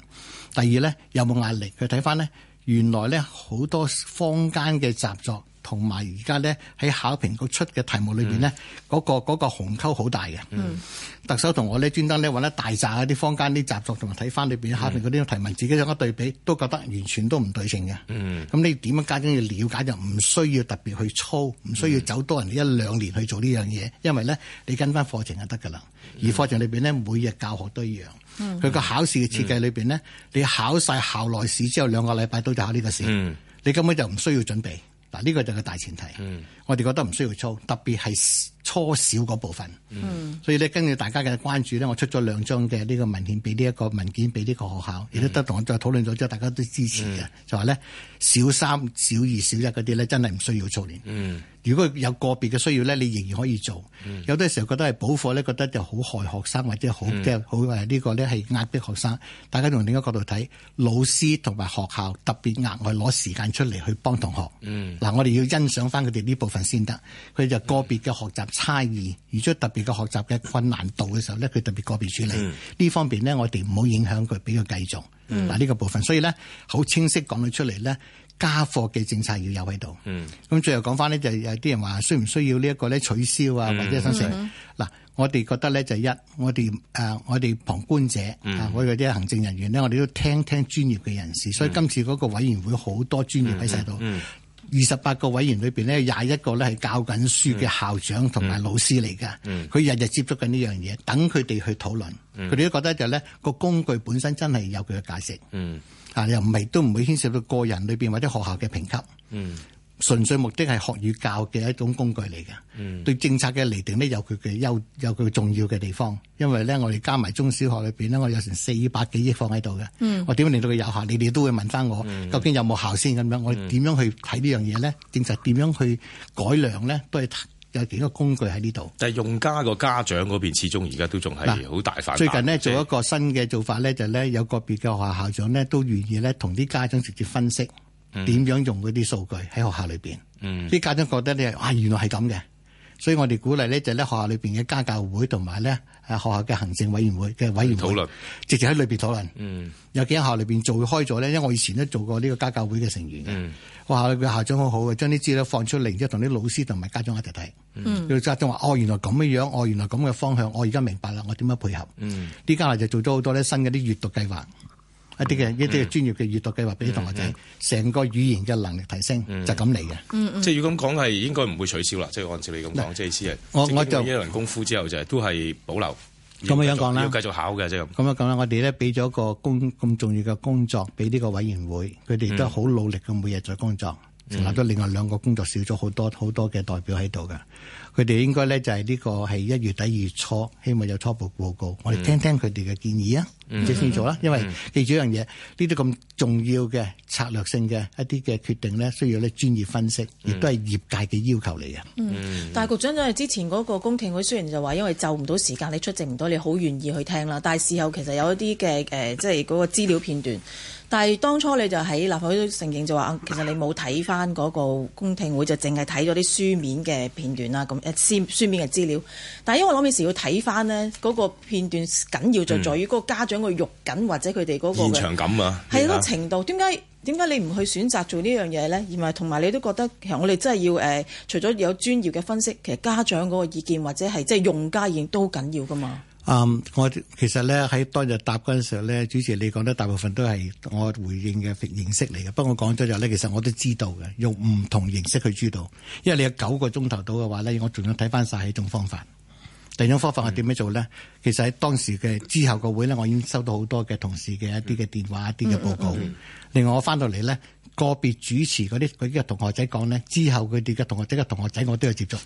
第二咧，有冇壓力？佢睇翻咧，原來咧好多坊間嘅習作。同埋而家咧喺考評局出嘅題目裏邊咧，嗰、嗯嗰個嗰、嗰個鴻溝好大嘅。嗯、特首同我咧專登咧揾一大扎嗰啲坊間啲習作，同埋睇翻裏邊考評局嗰啲題目，嗯、自己有一對比，都覺得完全都唔對稱嘅。咁、嗯、你點樣家長要了解，就唔需要特別去操，唔需要走多人一兩年去做呢樣嘢，因為咧你跟翻課程就得噶啦。而課程裏邊咧每日教學都一樣，佢、嗯、個考試嘅設計裏邊咧，嗯、你考晒校內試之後兩個禮拜都就考呢個試，嗯嗯、你根本就唔需要準備。嗱，呢個就係個大前提。嗯。我哋覺得唔需要操，特別係初小嗰部分，嗯、所以咧根據大家嘅關注咧，我出咗兩張嘅呢個文件俾呢一個文件俾呢個學校，亦都得同我再討論咗，之後大家都支持嘅，嗯、就話咧小三、小二、小一嗰啲咧真係唔需要操練。嗯、如果有個別嘅需要咧，你仍然可以做。嗯、有啲時候覺得係補課咧，覺得就好害學生或者好即係好誒呢個咧係壓迫學生。大家從另一角度睇，老師同埋學校特別額外攞時間出嚟去幫同學。嗱、嗯，我哋要欣賞翻佢哋呢部份先得，佢就個別嘅學習差異，而且特別嘅學習嘅困難度嘅時候咧，佢特別個別處理呢、嗯、方面咧，我哋唔好影響佢俾佢繼續。嗱呢、嗯、個部分，所以咧好清晰講到出嚟咧，家課嘅政策要有喺度。咁、嗯、最後講返咧，就有啲人話需唔需要呢一個咧取消啊，或者相成嗱？我哋覺得咧就一，我哋誒、呃、我哋旁觀者，嗯啊、我哋啲行政人員咧，我哋都聽聽專業嘅人士，所以今次嗰個委員會好多專業喺晒度。二十八個委員裏邊咧，廿一個咧係教緊書嘅校長同埋老師嚟㗎，佢日日接觸緊呢樣嘢，等佢哋去討論。佢哋都覺得就係呢個工具本身真係有佢嘅解釋，啊，又唔係都唔會牽涉到個人裏邊或者學校嘅評級。嗯嗯純粹目的係學與教嘅一種工具嚟嘅，嗯、對政策嘅釐定咧有佢嘅有有佢重要嘅地方，因為咧我哋加埋中小學裏邊咧，我有成四百幾億放喺度嘅，嗯、我點樣令到佢有效？你哋都會問翻我，嗯、究竟有冇效先咁樣？我點樣去睇呢樣嘢咧？政策點樣去改良咧？都係有幾個工具喺呢度。但係用家個家長嗰邊，始終而家都仲係好大反彈。最近呢，就係、做一個新嘅做法咧，就呢、係，有個別嘅學校校長呢，都願意咧同啲家長直接分析。點、嗯、樣用嗰啲數據喺學校裏邊？啲、嗯、家長覺得你哇，原來係咁嘅，所以我哋鼓勵咧就咧學校裏邊嘅家教會同埋咧，啊，學校嘅行政委員會嘅委員討論，討論直接喺裏邊討論。有幾間校裏邊做開咗咧，因為我以前都做過呢個家教會嘅成員嘅。嗯、學校嘅校長好好嘅，將啲資料放出嚟，然之後同啲老師同埋家長一齊睇。有、嗯、家長話：哦，原來咁嘅樣，哦，原來咁嘅方向，我而家明白啦，我點樣配合？啲家長就做咗好多咧新嘅啲閱讀計劃。一啲嘅呢啲專業嘅閱讀計劃俾同學仔，成個語言嘅能力提升就咁嚟嘅。即係如果咁講，係應該唔會取消啦。即係按照你咁講，即係意思係。我我就一輪功夫之後就係都係保留。咁樣講啦，要繼續考嘅就咁樣咁啦。我哋咧俾咗個工咁重要嘅工作俾呢個委員會，佢哋都好努力咁每日做工作，成立咗另外兩個工作少咗好多好多嘅代表喺度嘅。佢哋應該咧就係呢個係一月底二月初，希望有初步報告，我哋聽聽佢哋嘅建議啊。即係先做啦，因為記住一樣嘢，呢啲咁重要嘅策略性嘅一啲嘅決定咧，需要咧專業分析，亦都係業界嘅要求嚟嘅。嗯，但係局長因為之前嗰個公聽會雖然就話因為就唔到時間你出席唔到，你好願意去聽啦。但係事後其實有一啲嘅誒即係嗰個資料片段。但係當初你就喺立法會都承認就話，其實你冇睇翻嗰個公聽會就淨係睇咗啲書面嘅片段啊，咁誒書面嘅資料。但係因為我尾時要睇翻咧，嗰、嗰個片段緊要就在於個家長。將個肉緊或者佢哋嗰個現場感啊，係一個程度。點解點解你唔去選擇做呢樣嘢呢？而埋同埋你都覺得，其實我哋真係要誒、呃，除咗有專業嘅分析，其實家長嗰個意見或者係即係用家意見都緊要噶嘛。嗯，我其實呢，喺當日答嗰陣時呢，主持你講得大部分都係我回應嘅形式嚟嘅。不過講咗就呢、是，其實我都知道嘅，用唔同形式去知道，因為你有九個鐘頭到嘅話呢，我仲要睇翻晒呢種方法。第二種方法係點樣做咧？其實喺當時嘅之後個會咧，我已經收到好多嘅同事嘅一啲嘅電話、一啲嘅報告。另外我翻到嚟咧。個別主持嗰啲佢啲嘅同學仔講咧，之後佢哋嘅同學仔嘅同學仔，我都有接觸，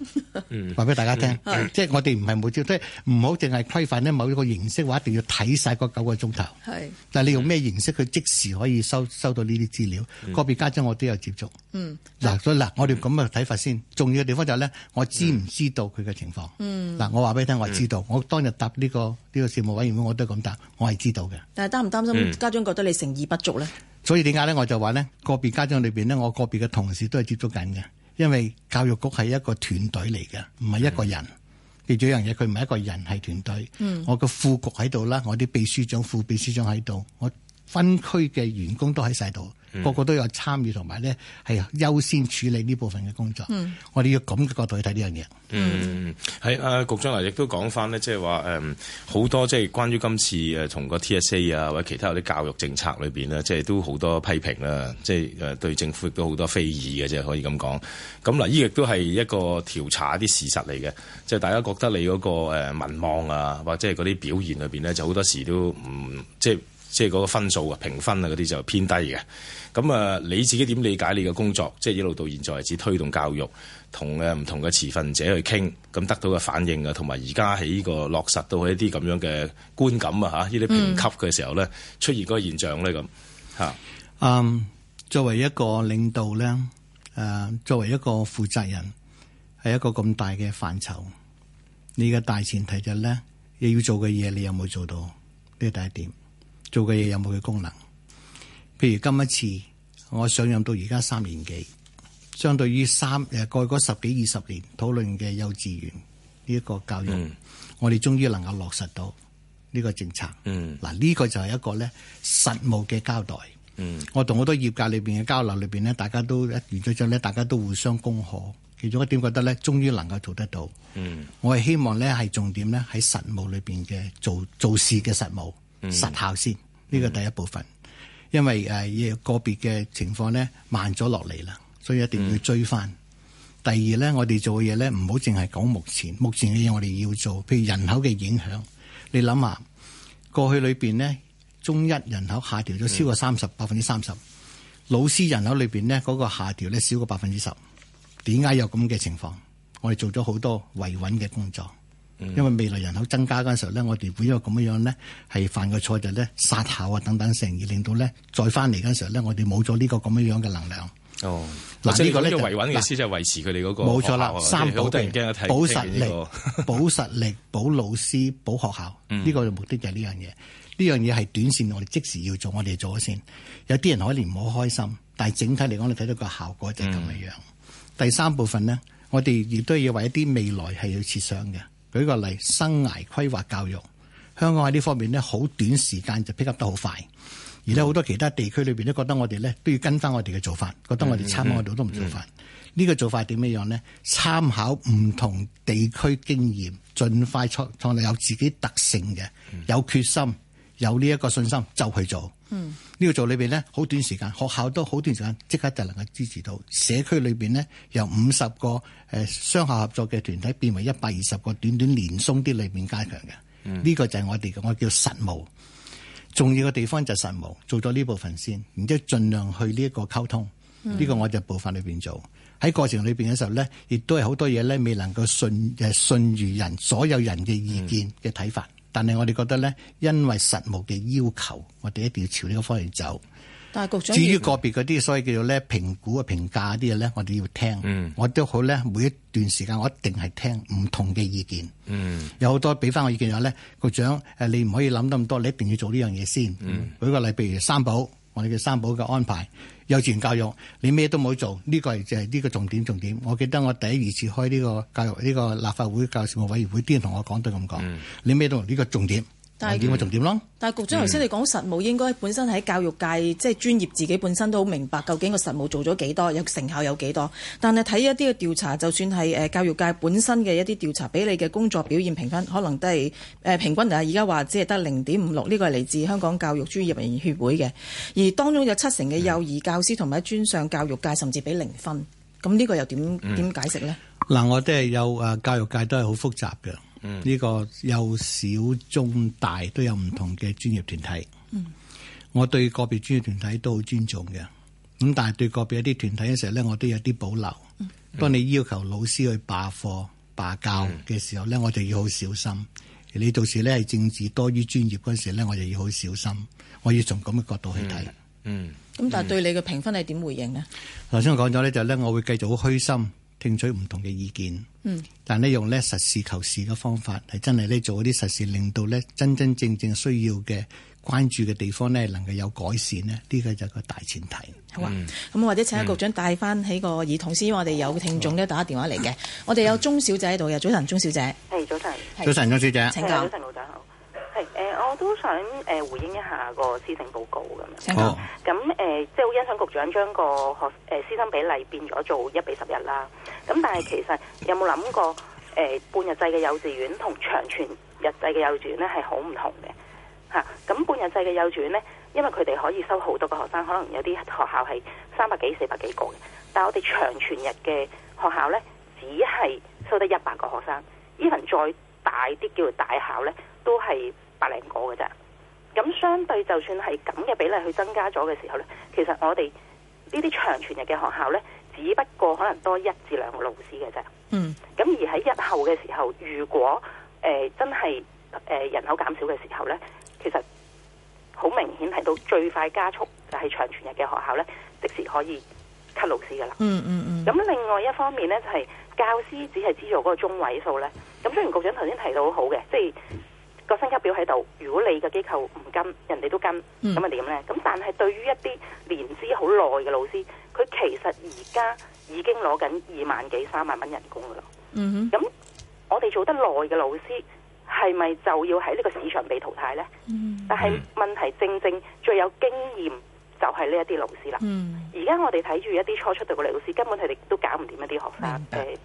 話俾大家聽，即係我哋唔係冇接，即係唔好淨係規範呢某一個形式，話一定要睇晒嗰九個鐘頭。係，但係你用咩形式，佢即時可以收收到呢啲資料。個別家長我都有接觸。嗱，所以嗱，我哋咁嘅睇法先。重要嘅地方就係咧，我知唔知道佢嘅情況？嗱，我話俾你聽，我知道。我當日答呢個呢個事務委員會，我都係咁答，我係知道嘅。但係擔唔擔心家長覺得你誠意不足咧？所以點解咧？我就話咧，個別家長裏邊咧，我個別嘅同事都係接觸緊嘅，因為教育局係一個團隊嚟嘅，唔係一個人。其中、嗯、一樣嘢，佢唔係一個人，係團隊。嗯，我個副局喺度啦，我啲秘書長、副秘書長喺度，我分區嘅員工都喺曬度。個個都有參與同埋咧，係優先處理呢部分嘅工作。我哋要咁嘅角度去睇呢樣嘢。嗯，係、嗯、啊，局長嗱，亦、啊、都講翻咧，即係話誒，好、嗯、多即係關於今次誒從個 TSA 啊或者其他嗰啲教育政策裏邊咧，即、就、係、是、都好多批評啦，即係誒對政府亦都好多非議嘅即啫，可以咁講。咁、啊、嗱，呢亦都係一個調查啲事實嚟嘅，即、就、係、是、大家覺得你嗰個民望啊，或者係嗰啲表現裏邊咧，就好、是、多時都唔即係即係嗰個分數啊、評分啊嗰啲就偏低嘅。咁啊，你自己點理解你嘅工作？即係一路到現在為止推動教育，同誒唔同嘅持份者去傾，咁得到嘅反應啊，同埋而家喺呢個落實到一啲咁樣嘅觀感啊，吓呢啲評級嘅時候咧，嗯，出現個現象咧，咁吓。嗯，作為一個領導咧，誒作為一個負責人，係一個咁大嘅範疇，你嘅大前提就係咧，你要做嘅嘢，你有冇做到？呢個第一點做嘅嘢有冇嘅功能？譬如今一次我上任到而家三年幾，相對於三誒、呃、過去十幾二十年討論嘅幼稚園呢一個教育，嗯、我哋終於能夠落實到呢個政策。嗯，嗱，呢個就係一個咧實務嘅交代。嗯，我同好多業界裏邊嘅交流裏邊咧，大家都完咗仗咧，大家都互相恭賀，其中一點覺得咧，終於能夠做得到。嗯，我係希望咧，係重點咧喺實務裏邊嘅做做事嘅實務，嗯、實效先，呢個第一部分。因為誒，個別嘅情況咧慢咗落嚟啦，所以一定要追翻。嗯。第二咧，我哋做嘅嘢咧唔好淨係講目前，目前嘅嘢我哋要做，譬如人口嘅影響，你諗下過去裏邊呢，中一人口下調咗超過三十百分之三十，老師人口裏邊呢，嗰個下調咧少過百分之十，點解有咁嘅情況？我哋做咗好多維穩嘅工作。因為未來人口增加嗰陣時候咧，我哋會一個咁樣樣咧係犯個錯就咧殺校啊等等成，而令到咧再翻嚟嗰陣時候咧，我哋冇咗呢個咁樣樣嘅能量哦。嗱、啊，是個呢個咧就維穩嘅意思就係維持佢哋嗰個冇錯啦。校三保保實力、保實力、保老師、保學校呢、這個嘅目的就係呢樣嘢。呢樣嘢係短線，我哋即時要做，我哋做咗先。有啲人可以唔好開心，但係整體嚟講，你睇到個效果就咁樣樣。嗯、第三部分呢，我哋亦都要為一啲未來係要設想嘅。舉個例，生涯規劃教育，香港喺呢方面咧，好短時間就普及得好快，而且好多其他地區裏邊都覺得我哋咧都要跟翻我哋嘅做法，覺得我哋參考我度都唔做法。呢、mm hmm. 個做法點樣咧？參考唔同地區經驗，儘快創創立有自己特性嘅，有決心。有呢一個信心就去做，呢、嗯、個做裏邊咧好短時間，學校都好短時間即刻就能夠支持到社區裏邊咧，由五十個誒商、呃、校合作嘅團體變為一百二十個，短短年鬆啲裏面加強嘅。呢、嗯、個就係我哋我叫實務重要嘅地方就係實務，做咗呢部分先，然之後儘量去呢一個溝通。呢、嗯、個我就部分裏邊做喺過程裏邊嘅時候咧，亦都係好多嘢咧未能夠信誒信譽人所有人嘅意見嘅睇法。嗯但係我哋覺得咧，因為實務嘅要求，我哋一定要朝呢個方向走。但至於個別嗰啲，所以叫做咧評估啊、評價啲嘢咧，我哋要聽。嗯、我都好咧，每一段時間我一定係聽唔同嘅意見。嗯、有好多俾翻我意見嘅話咧，局長誒，你唔可以諗咁多，你一定要做呢樣嘢先。舉、嗯、個例，譬如三寶，我哋叫三寶嘅安排。幼稚園教育，你咩都冇做，呢、這個係就係呢個重點重點。我記得我第一次開呢個教育呢、這個立法會教育事務委員會，啲人同我講、嗯、都咁講，你咩都呢個重點。但係點樣重點咯？但係局長頭先你講實務，應該本身喺教育界，即係專業，自己本身都好明白，究竟個實務做咗幾多，有成效有幾多？但係睇一啲嘅調查，就算係誒教育界本身嘅一啲調查，俾你嘅工作表現評分，可能都係誒、呃、平均啊！而家話只係得零點五六，呢個係嚟自香港教育專業人員協會嘅，而當中有七成嘅幼兒教師同埋、嗯、專上教育界甚至俾零分，咁呢個又點點、嗯、解釋呢？嗱，我都係有誒教育界都係好複雜嘅。呢個幼小、中、大都有唔同嘅專業團體。嗯，我對個別專業團體都好尊重嘅。咁但係對個別一啲團體嘅時候咧，我都有啲保留。嗯、當你要求老師去罷課、罷教嘅時候咧，嗯、我就要好小心。你到時咧係政治多於專業嗰時咧，我就要好小心。我要從咁嘅角度去睇、嗯。嗯。咁但係對你嘅評分係點回應呢？頭先、嗯嗯、我講咗咧，就係咧我會繼續好虛心。聽取唔同嘅意見，嗯，但咧用咧實事求是嘅方法，係真係咧做一啲實事，令到咧真真正正需要嘅關注嘅地方咧，能夠有改善咧，呢個就係個大前提。好啊，咁、嗯、或者請阿局長帶翻起個耳筒先，因為我哋有聽眾咧打電話嚟嘅。好我哋有鍾小姐喺度嘅，早晨，鍾小姐，係、hey, 早晨，早晨，鍾小姐，是請教。誒、呃，我都想誒、呃、回應一下個施政報告咁樣。咁誒、嗯呃，即係好欣賞局長將個學誒、師、呃、生比例變咗做一比十一啦。咁但係其實有冇諗過誒、呃、半日制嘅幼稚園同長全日制嘅幼稚園咧係好唔同嘅吓。咁、啊、半日制嘅幼稚園咧，因為佢哋可以收好多個學生，可能有啲學校係三百幾、四百幾個嘅。但係我哋長全日嘅學校咧，只係收得一百個學生。even 再大啲叫做大校咧，都係，百零個嘅啫，咁相對就算係咁嘅比例去增加咗嘅時候呢，其實我哋呢啲長全日嘅學校呢，只不過可能多一至兩個老師嘅啫。嗯。咁而喺日後嘅時候，如果誒、呃、真係、呃、人口減少嘅時候呢，其實好明顯睇到最快加速就係長全日嘅學校呢，即時可以 cut 老師噶啦、嗯。嗯嗯咁另外一方面呢，就係、是、教師只係資助嗰個中位數呢。咁雖然局長頭先提到好嘅，即係。個升級表喺度，如果你嘅機構唔跟，人哋都跟，咁咪點呢？咁但係對於一啲年資好耐嘅老師，佢其實而家已經攞緊二萬幾、三萬蚊人工噶啦。嗯哼，咁我哋做得耐嘅老師，係咪就要喺呢個市場被淘汰呢？嗯、但係問題正正最有經驗就係呢一啲老師啦。而家、嗯、我哋睇住一啲初出道嘅老師，根本佢哋都搞唔掂一啲學生嘅。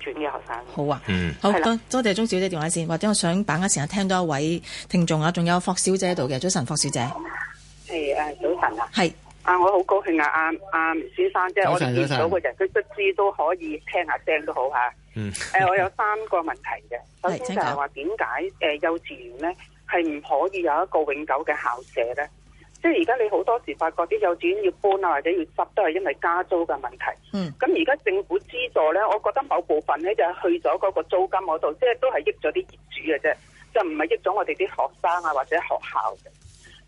轉嘅學生，好啊，嗯，好，多多謝鍾小姐電話先，或者我想把握時間聽到一位聽眾啊，仲有霍小姐喺度嘅，早晨，霍小姐，係啊，早晨啊，係是，啊，我好高興啊，阿啊，吳先生即係晨我見到個人，佢卒之都可以聽下聲都好嚇、啊，嗯，誒、 呃，我有三個問題嘅，首先就係話點解誒幼稚園咧係唔可以有一個永久嘅校舍咧？即係而家你好多時發覺啲幼稚園要搬啊，或者要執，都係因為加租嘅問題。嗯，咁而家政府資助咧，我覺得某部分咧就係去咗嗰個租金嗰度，即係都係益咗啲業主嘅啫，就唔係益咗我哋啲學生啊或者學校。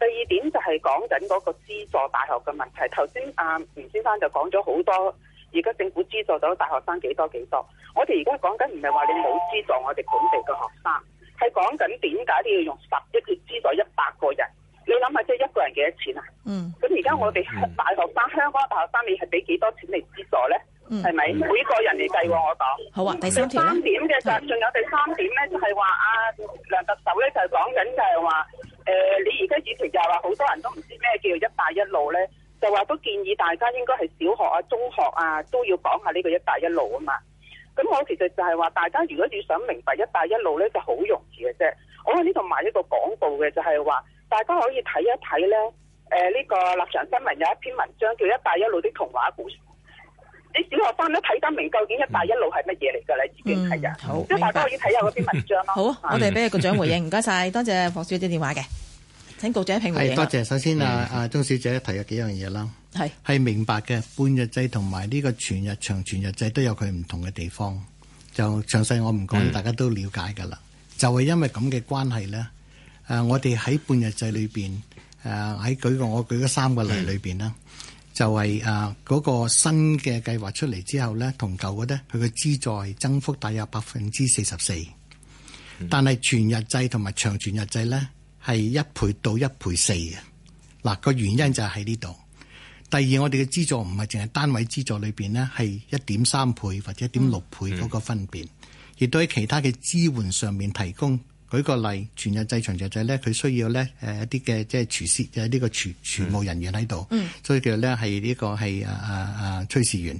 第二點就係講緊嗰個資助大學嘅問題。頭先阿吳先生就講咗好多，而家政府資助到大學生幾多幾多？我哋而家講緊唔係話你冇資助我哋本地嘅學生，係講緊點解你要用十億去資助一百個人？你諗下，即係一個人幾多錢啊？嗯，咁而家我哋大學生，嗯、香港大學生，你係俾幾多錢嚟資助咧？係咪、嗯、每個人嚟計？嗯、我講當好啊，第三點、就是。嘅就的，仲有第三點咧，就係話阿梁特首咧，就係講緊就係話，誒、呃，你而家以前就係話，好多人都唔知咩叫做「一帶一路」咧，就話都建議大家應該係小學啊、中學啊都要講下呢個一帶一路啊嘛。咁我其實就係話，大家如果要想明白一帶一路咧，就好容易嘅啫。我喺呢度賣一個廣告嘅，就係、是、話。大家可以睇一睇咧，誒、呃、呢、呢個立場新聞有一篇文章叫《一帶一路的童話故事》。啲小學生都睇得明，究竟一帶一路係乜嘢嚟㗎？你自己睇嘅，即係、嗯、大家可以睇下篇文章咯。 好，嗯、我哋俾局長回應，唔該晒，多謝霍小姐電話嘅。請局長評回應。係，多謝。首先啊，啊鍾小姐提咗幾樣嘢啦，係係、嗯、明白嘅半日制同埋呢個全日長全日制都有佢唔同嘅地方，就詳細我唔講，大家都了解㗎啦。嗯、就係因為咁嘅關係咧。誒、啊，我哋喺半日制裏邊，誒、啊、喺舉個我舉咗三個例裏邊啦，嗯、就係誒嗰個新嘅計劃出嚟之後呢，同舊嘅呢，佢嘅資助係增幅大約百分之四十四，但係全日制同埋長全日制呢，係一倍到一倍四嘅，嗱、啊、個原因就係喺呢度。第二，我哋嘅資助唔係淨係單位資助裏邊呢係一點三倍或者一點六倍嗰個分別，亦、嗯嗯、都喺其他嘅支援上面提供。舉個例，全日制場就係咧，佢需要咧誒一啲嘅即係廚師嘅呢個廚廚務人員喺度，所以叫咧係呢個係啊啊啊炊事員。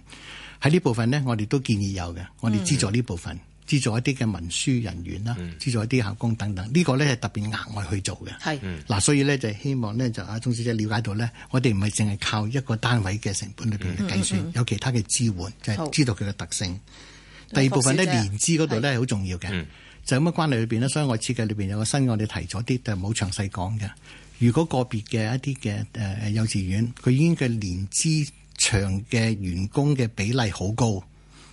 喺呢部分咧，我哋都建議有嘅，我哋資助呢部分，資助一啲嘅文書人員啦，資助一啲校工等等。呢個咧係特別額外去做嘅。係嗱，所以咧就希望咧就阿鍾小姐了解到咧，我哋唔係淨係靠一個單位嘅成本裏邊嚟計算，有其他嘅支援，就係知道佢嘅特性。第二部分咧，年資嗰度咧係好重要嘅。就咁嘅關係裏邊呢，所以我設計裏邊有個新，我哋提咗啲，但係冇詳細講嘅。如果個別嘅一啲嘅誒幼稚園，佢已經嘅年資長嘅員工嘅比例好高，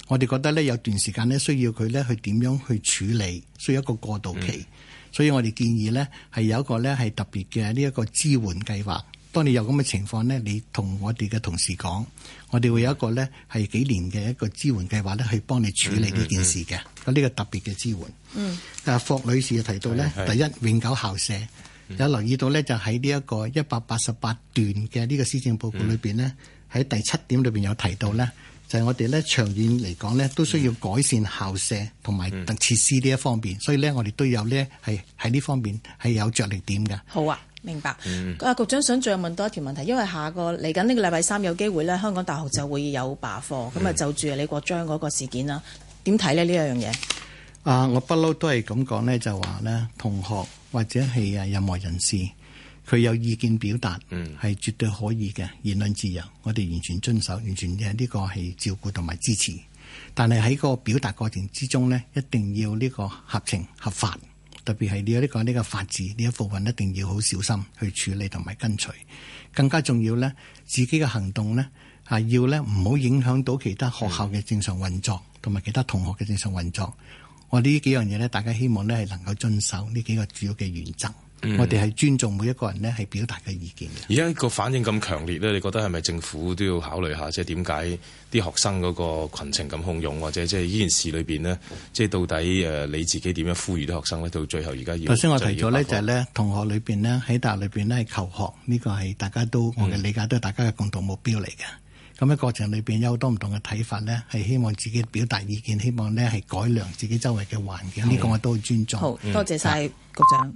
我哋覺得呢，有段時間呢需要佢呢去點樣去處理，需要一個過渡期，嗯，所以我哋建議呢，係有一個呢係特別嘅呢一個支援計劃。當你有咁嘅情況呢，你同我哋嘅同事講，我哋會有一個呢，係幾年嘅一個支援計劃呢去幫你處理呢件事嘅。咁呢、嗯嗯、個特別嘅支援。嗯。啊，霍女士又提到呢，嗯、第一是永久校舍、嗯、有留意到呢，就喺呢一個一百八十八段嘅呢個施政報告裏邊呢，喺、嗯、第七點裏邊有提到呢，嗯、就係我哋呢，長遠嚟講呢，都需要改善校舍同埋等設施呢一方面，所以呢，我哋都有呢，係喺呢方面係有着力點嘅。好啊。明白，啊，局長想再問多一條問題，因為下個嚟緊呢個禮拜三有機會咧，香港大學就會有罷課，咁啊就住李國章嗰個事件啦，點睇咧呢樣嘢？嗯、啊，我不嬲都係咁講咧，就話咧，同學或者係啊任何人士，佢有意見表達，嗯，係絕對可以嘅、嗯、言論自由，我哋完全遵守，完全嘅呢個係照顧同埋支持，但係喺個表達過程之中咧，一定要呢個合情合法。特別係你要呢個呢個法治，呢一部分，一定要好小心去處理同埋跟隨。更加重要呢，自己嘅行動呢，係要呢唔好影響到其他學校嘅正常運作，同埋其他同學嘅正常運作。我呢幾樣嘢呢，大家希望呢係能夠遵守呢幾個主要嘅原則。我哋係尊重每一個人咧，係表達嘅意見嘅。而家個反應咁強烈咧，你覺得係咪政府都要考慮下，即係點解啲學生嗰個群情咁洶湧，或者即係呢件事裏邊咧，即係到底誒、呃、你自己點樣呼籲啲學生呢？到最後而家要。頭先我提咗呢，就係呢同學裏邊呢，喺大學裏邊呢，係求學，呢、呢個係大家都我嘅理解，都係大家嘅共同目標嚟嘅。咁喺、嗯、過程裏邊有好多唔同嘅睇法呢，係希望自己表達意見，希望呢係改良自己周圍嘅環境。呢、嗯、個我都尊重。嗯、好多謝晒局長。好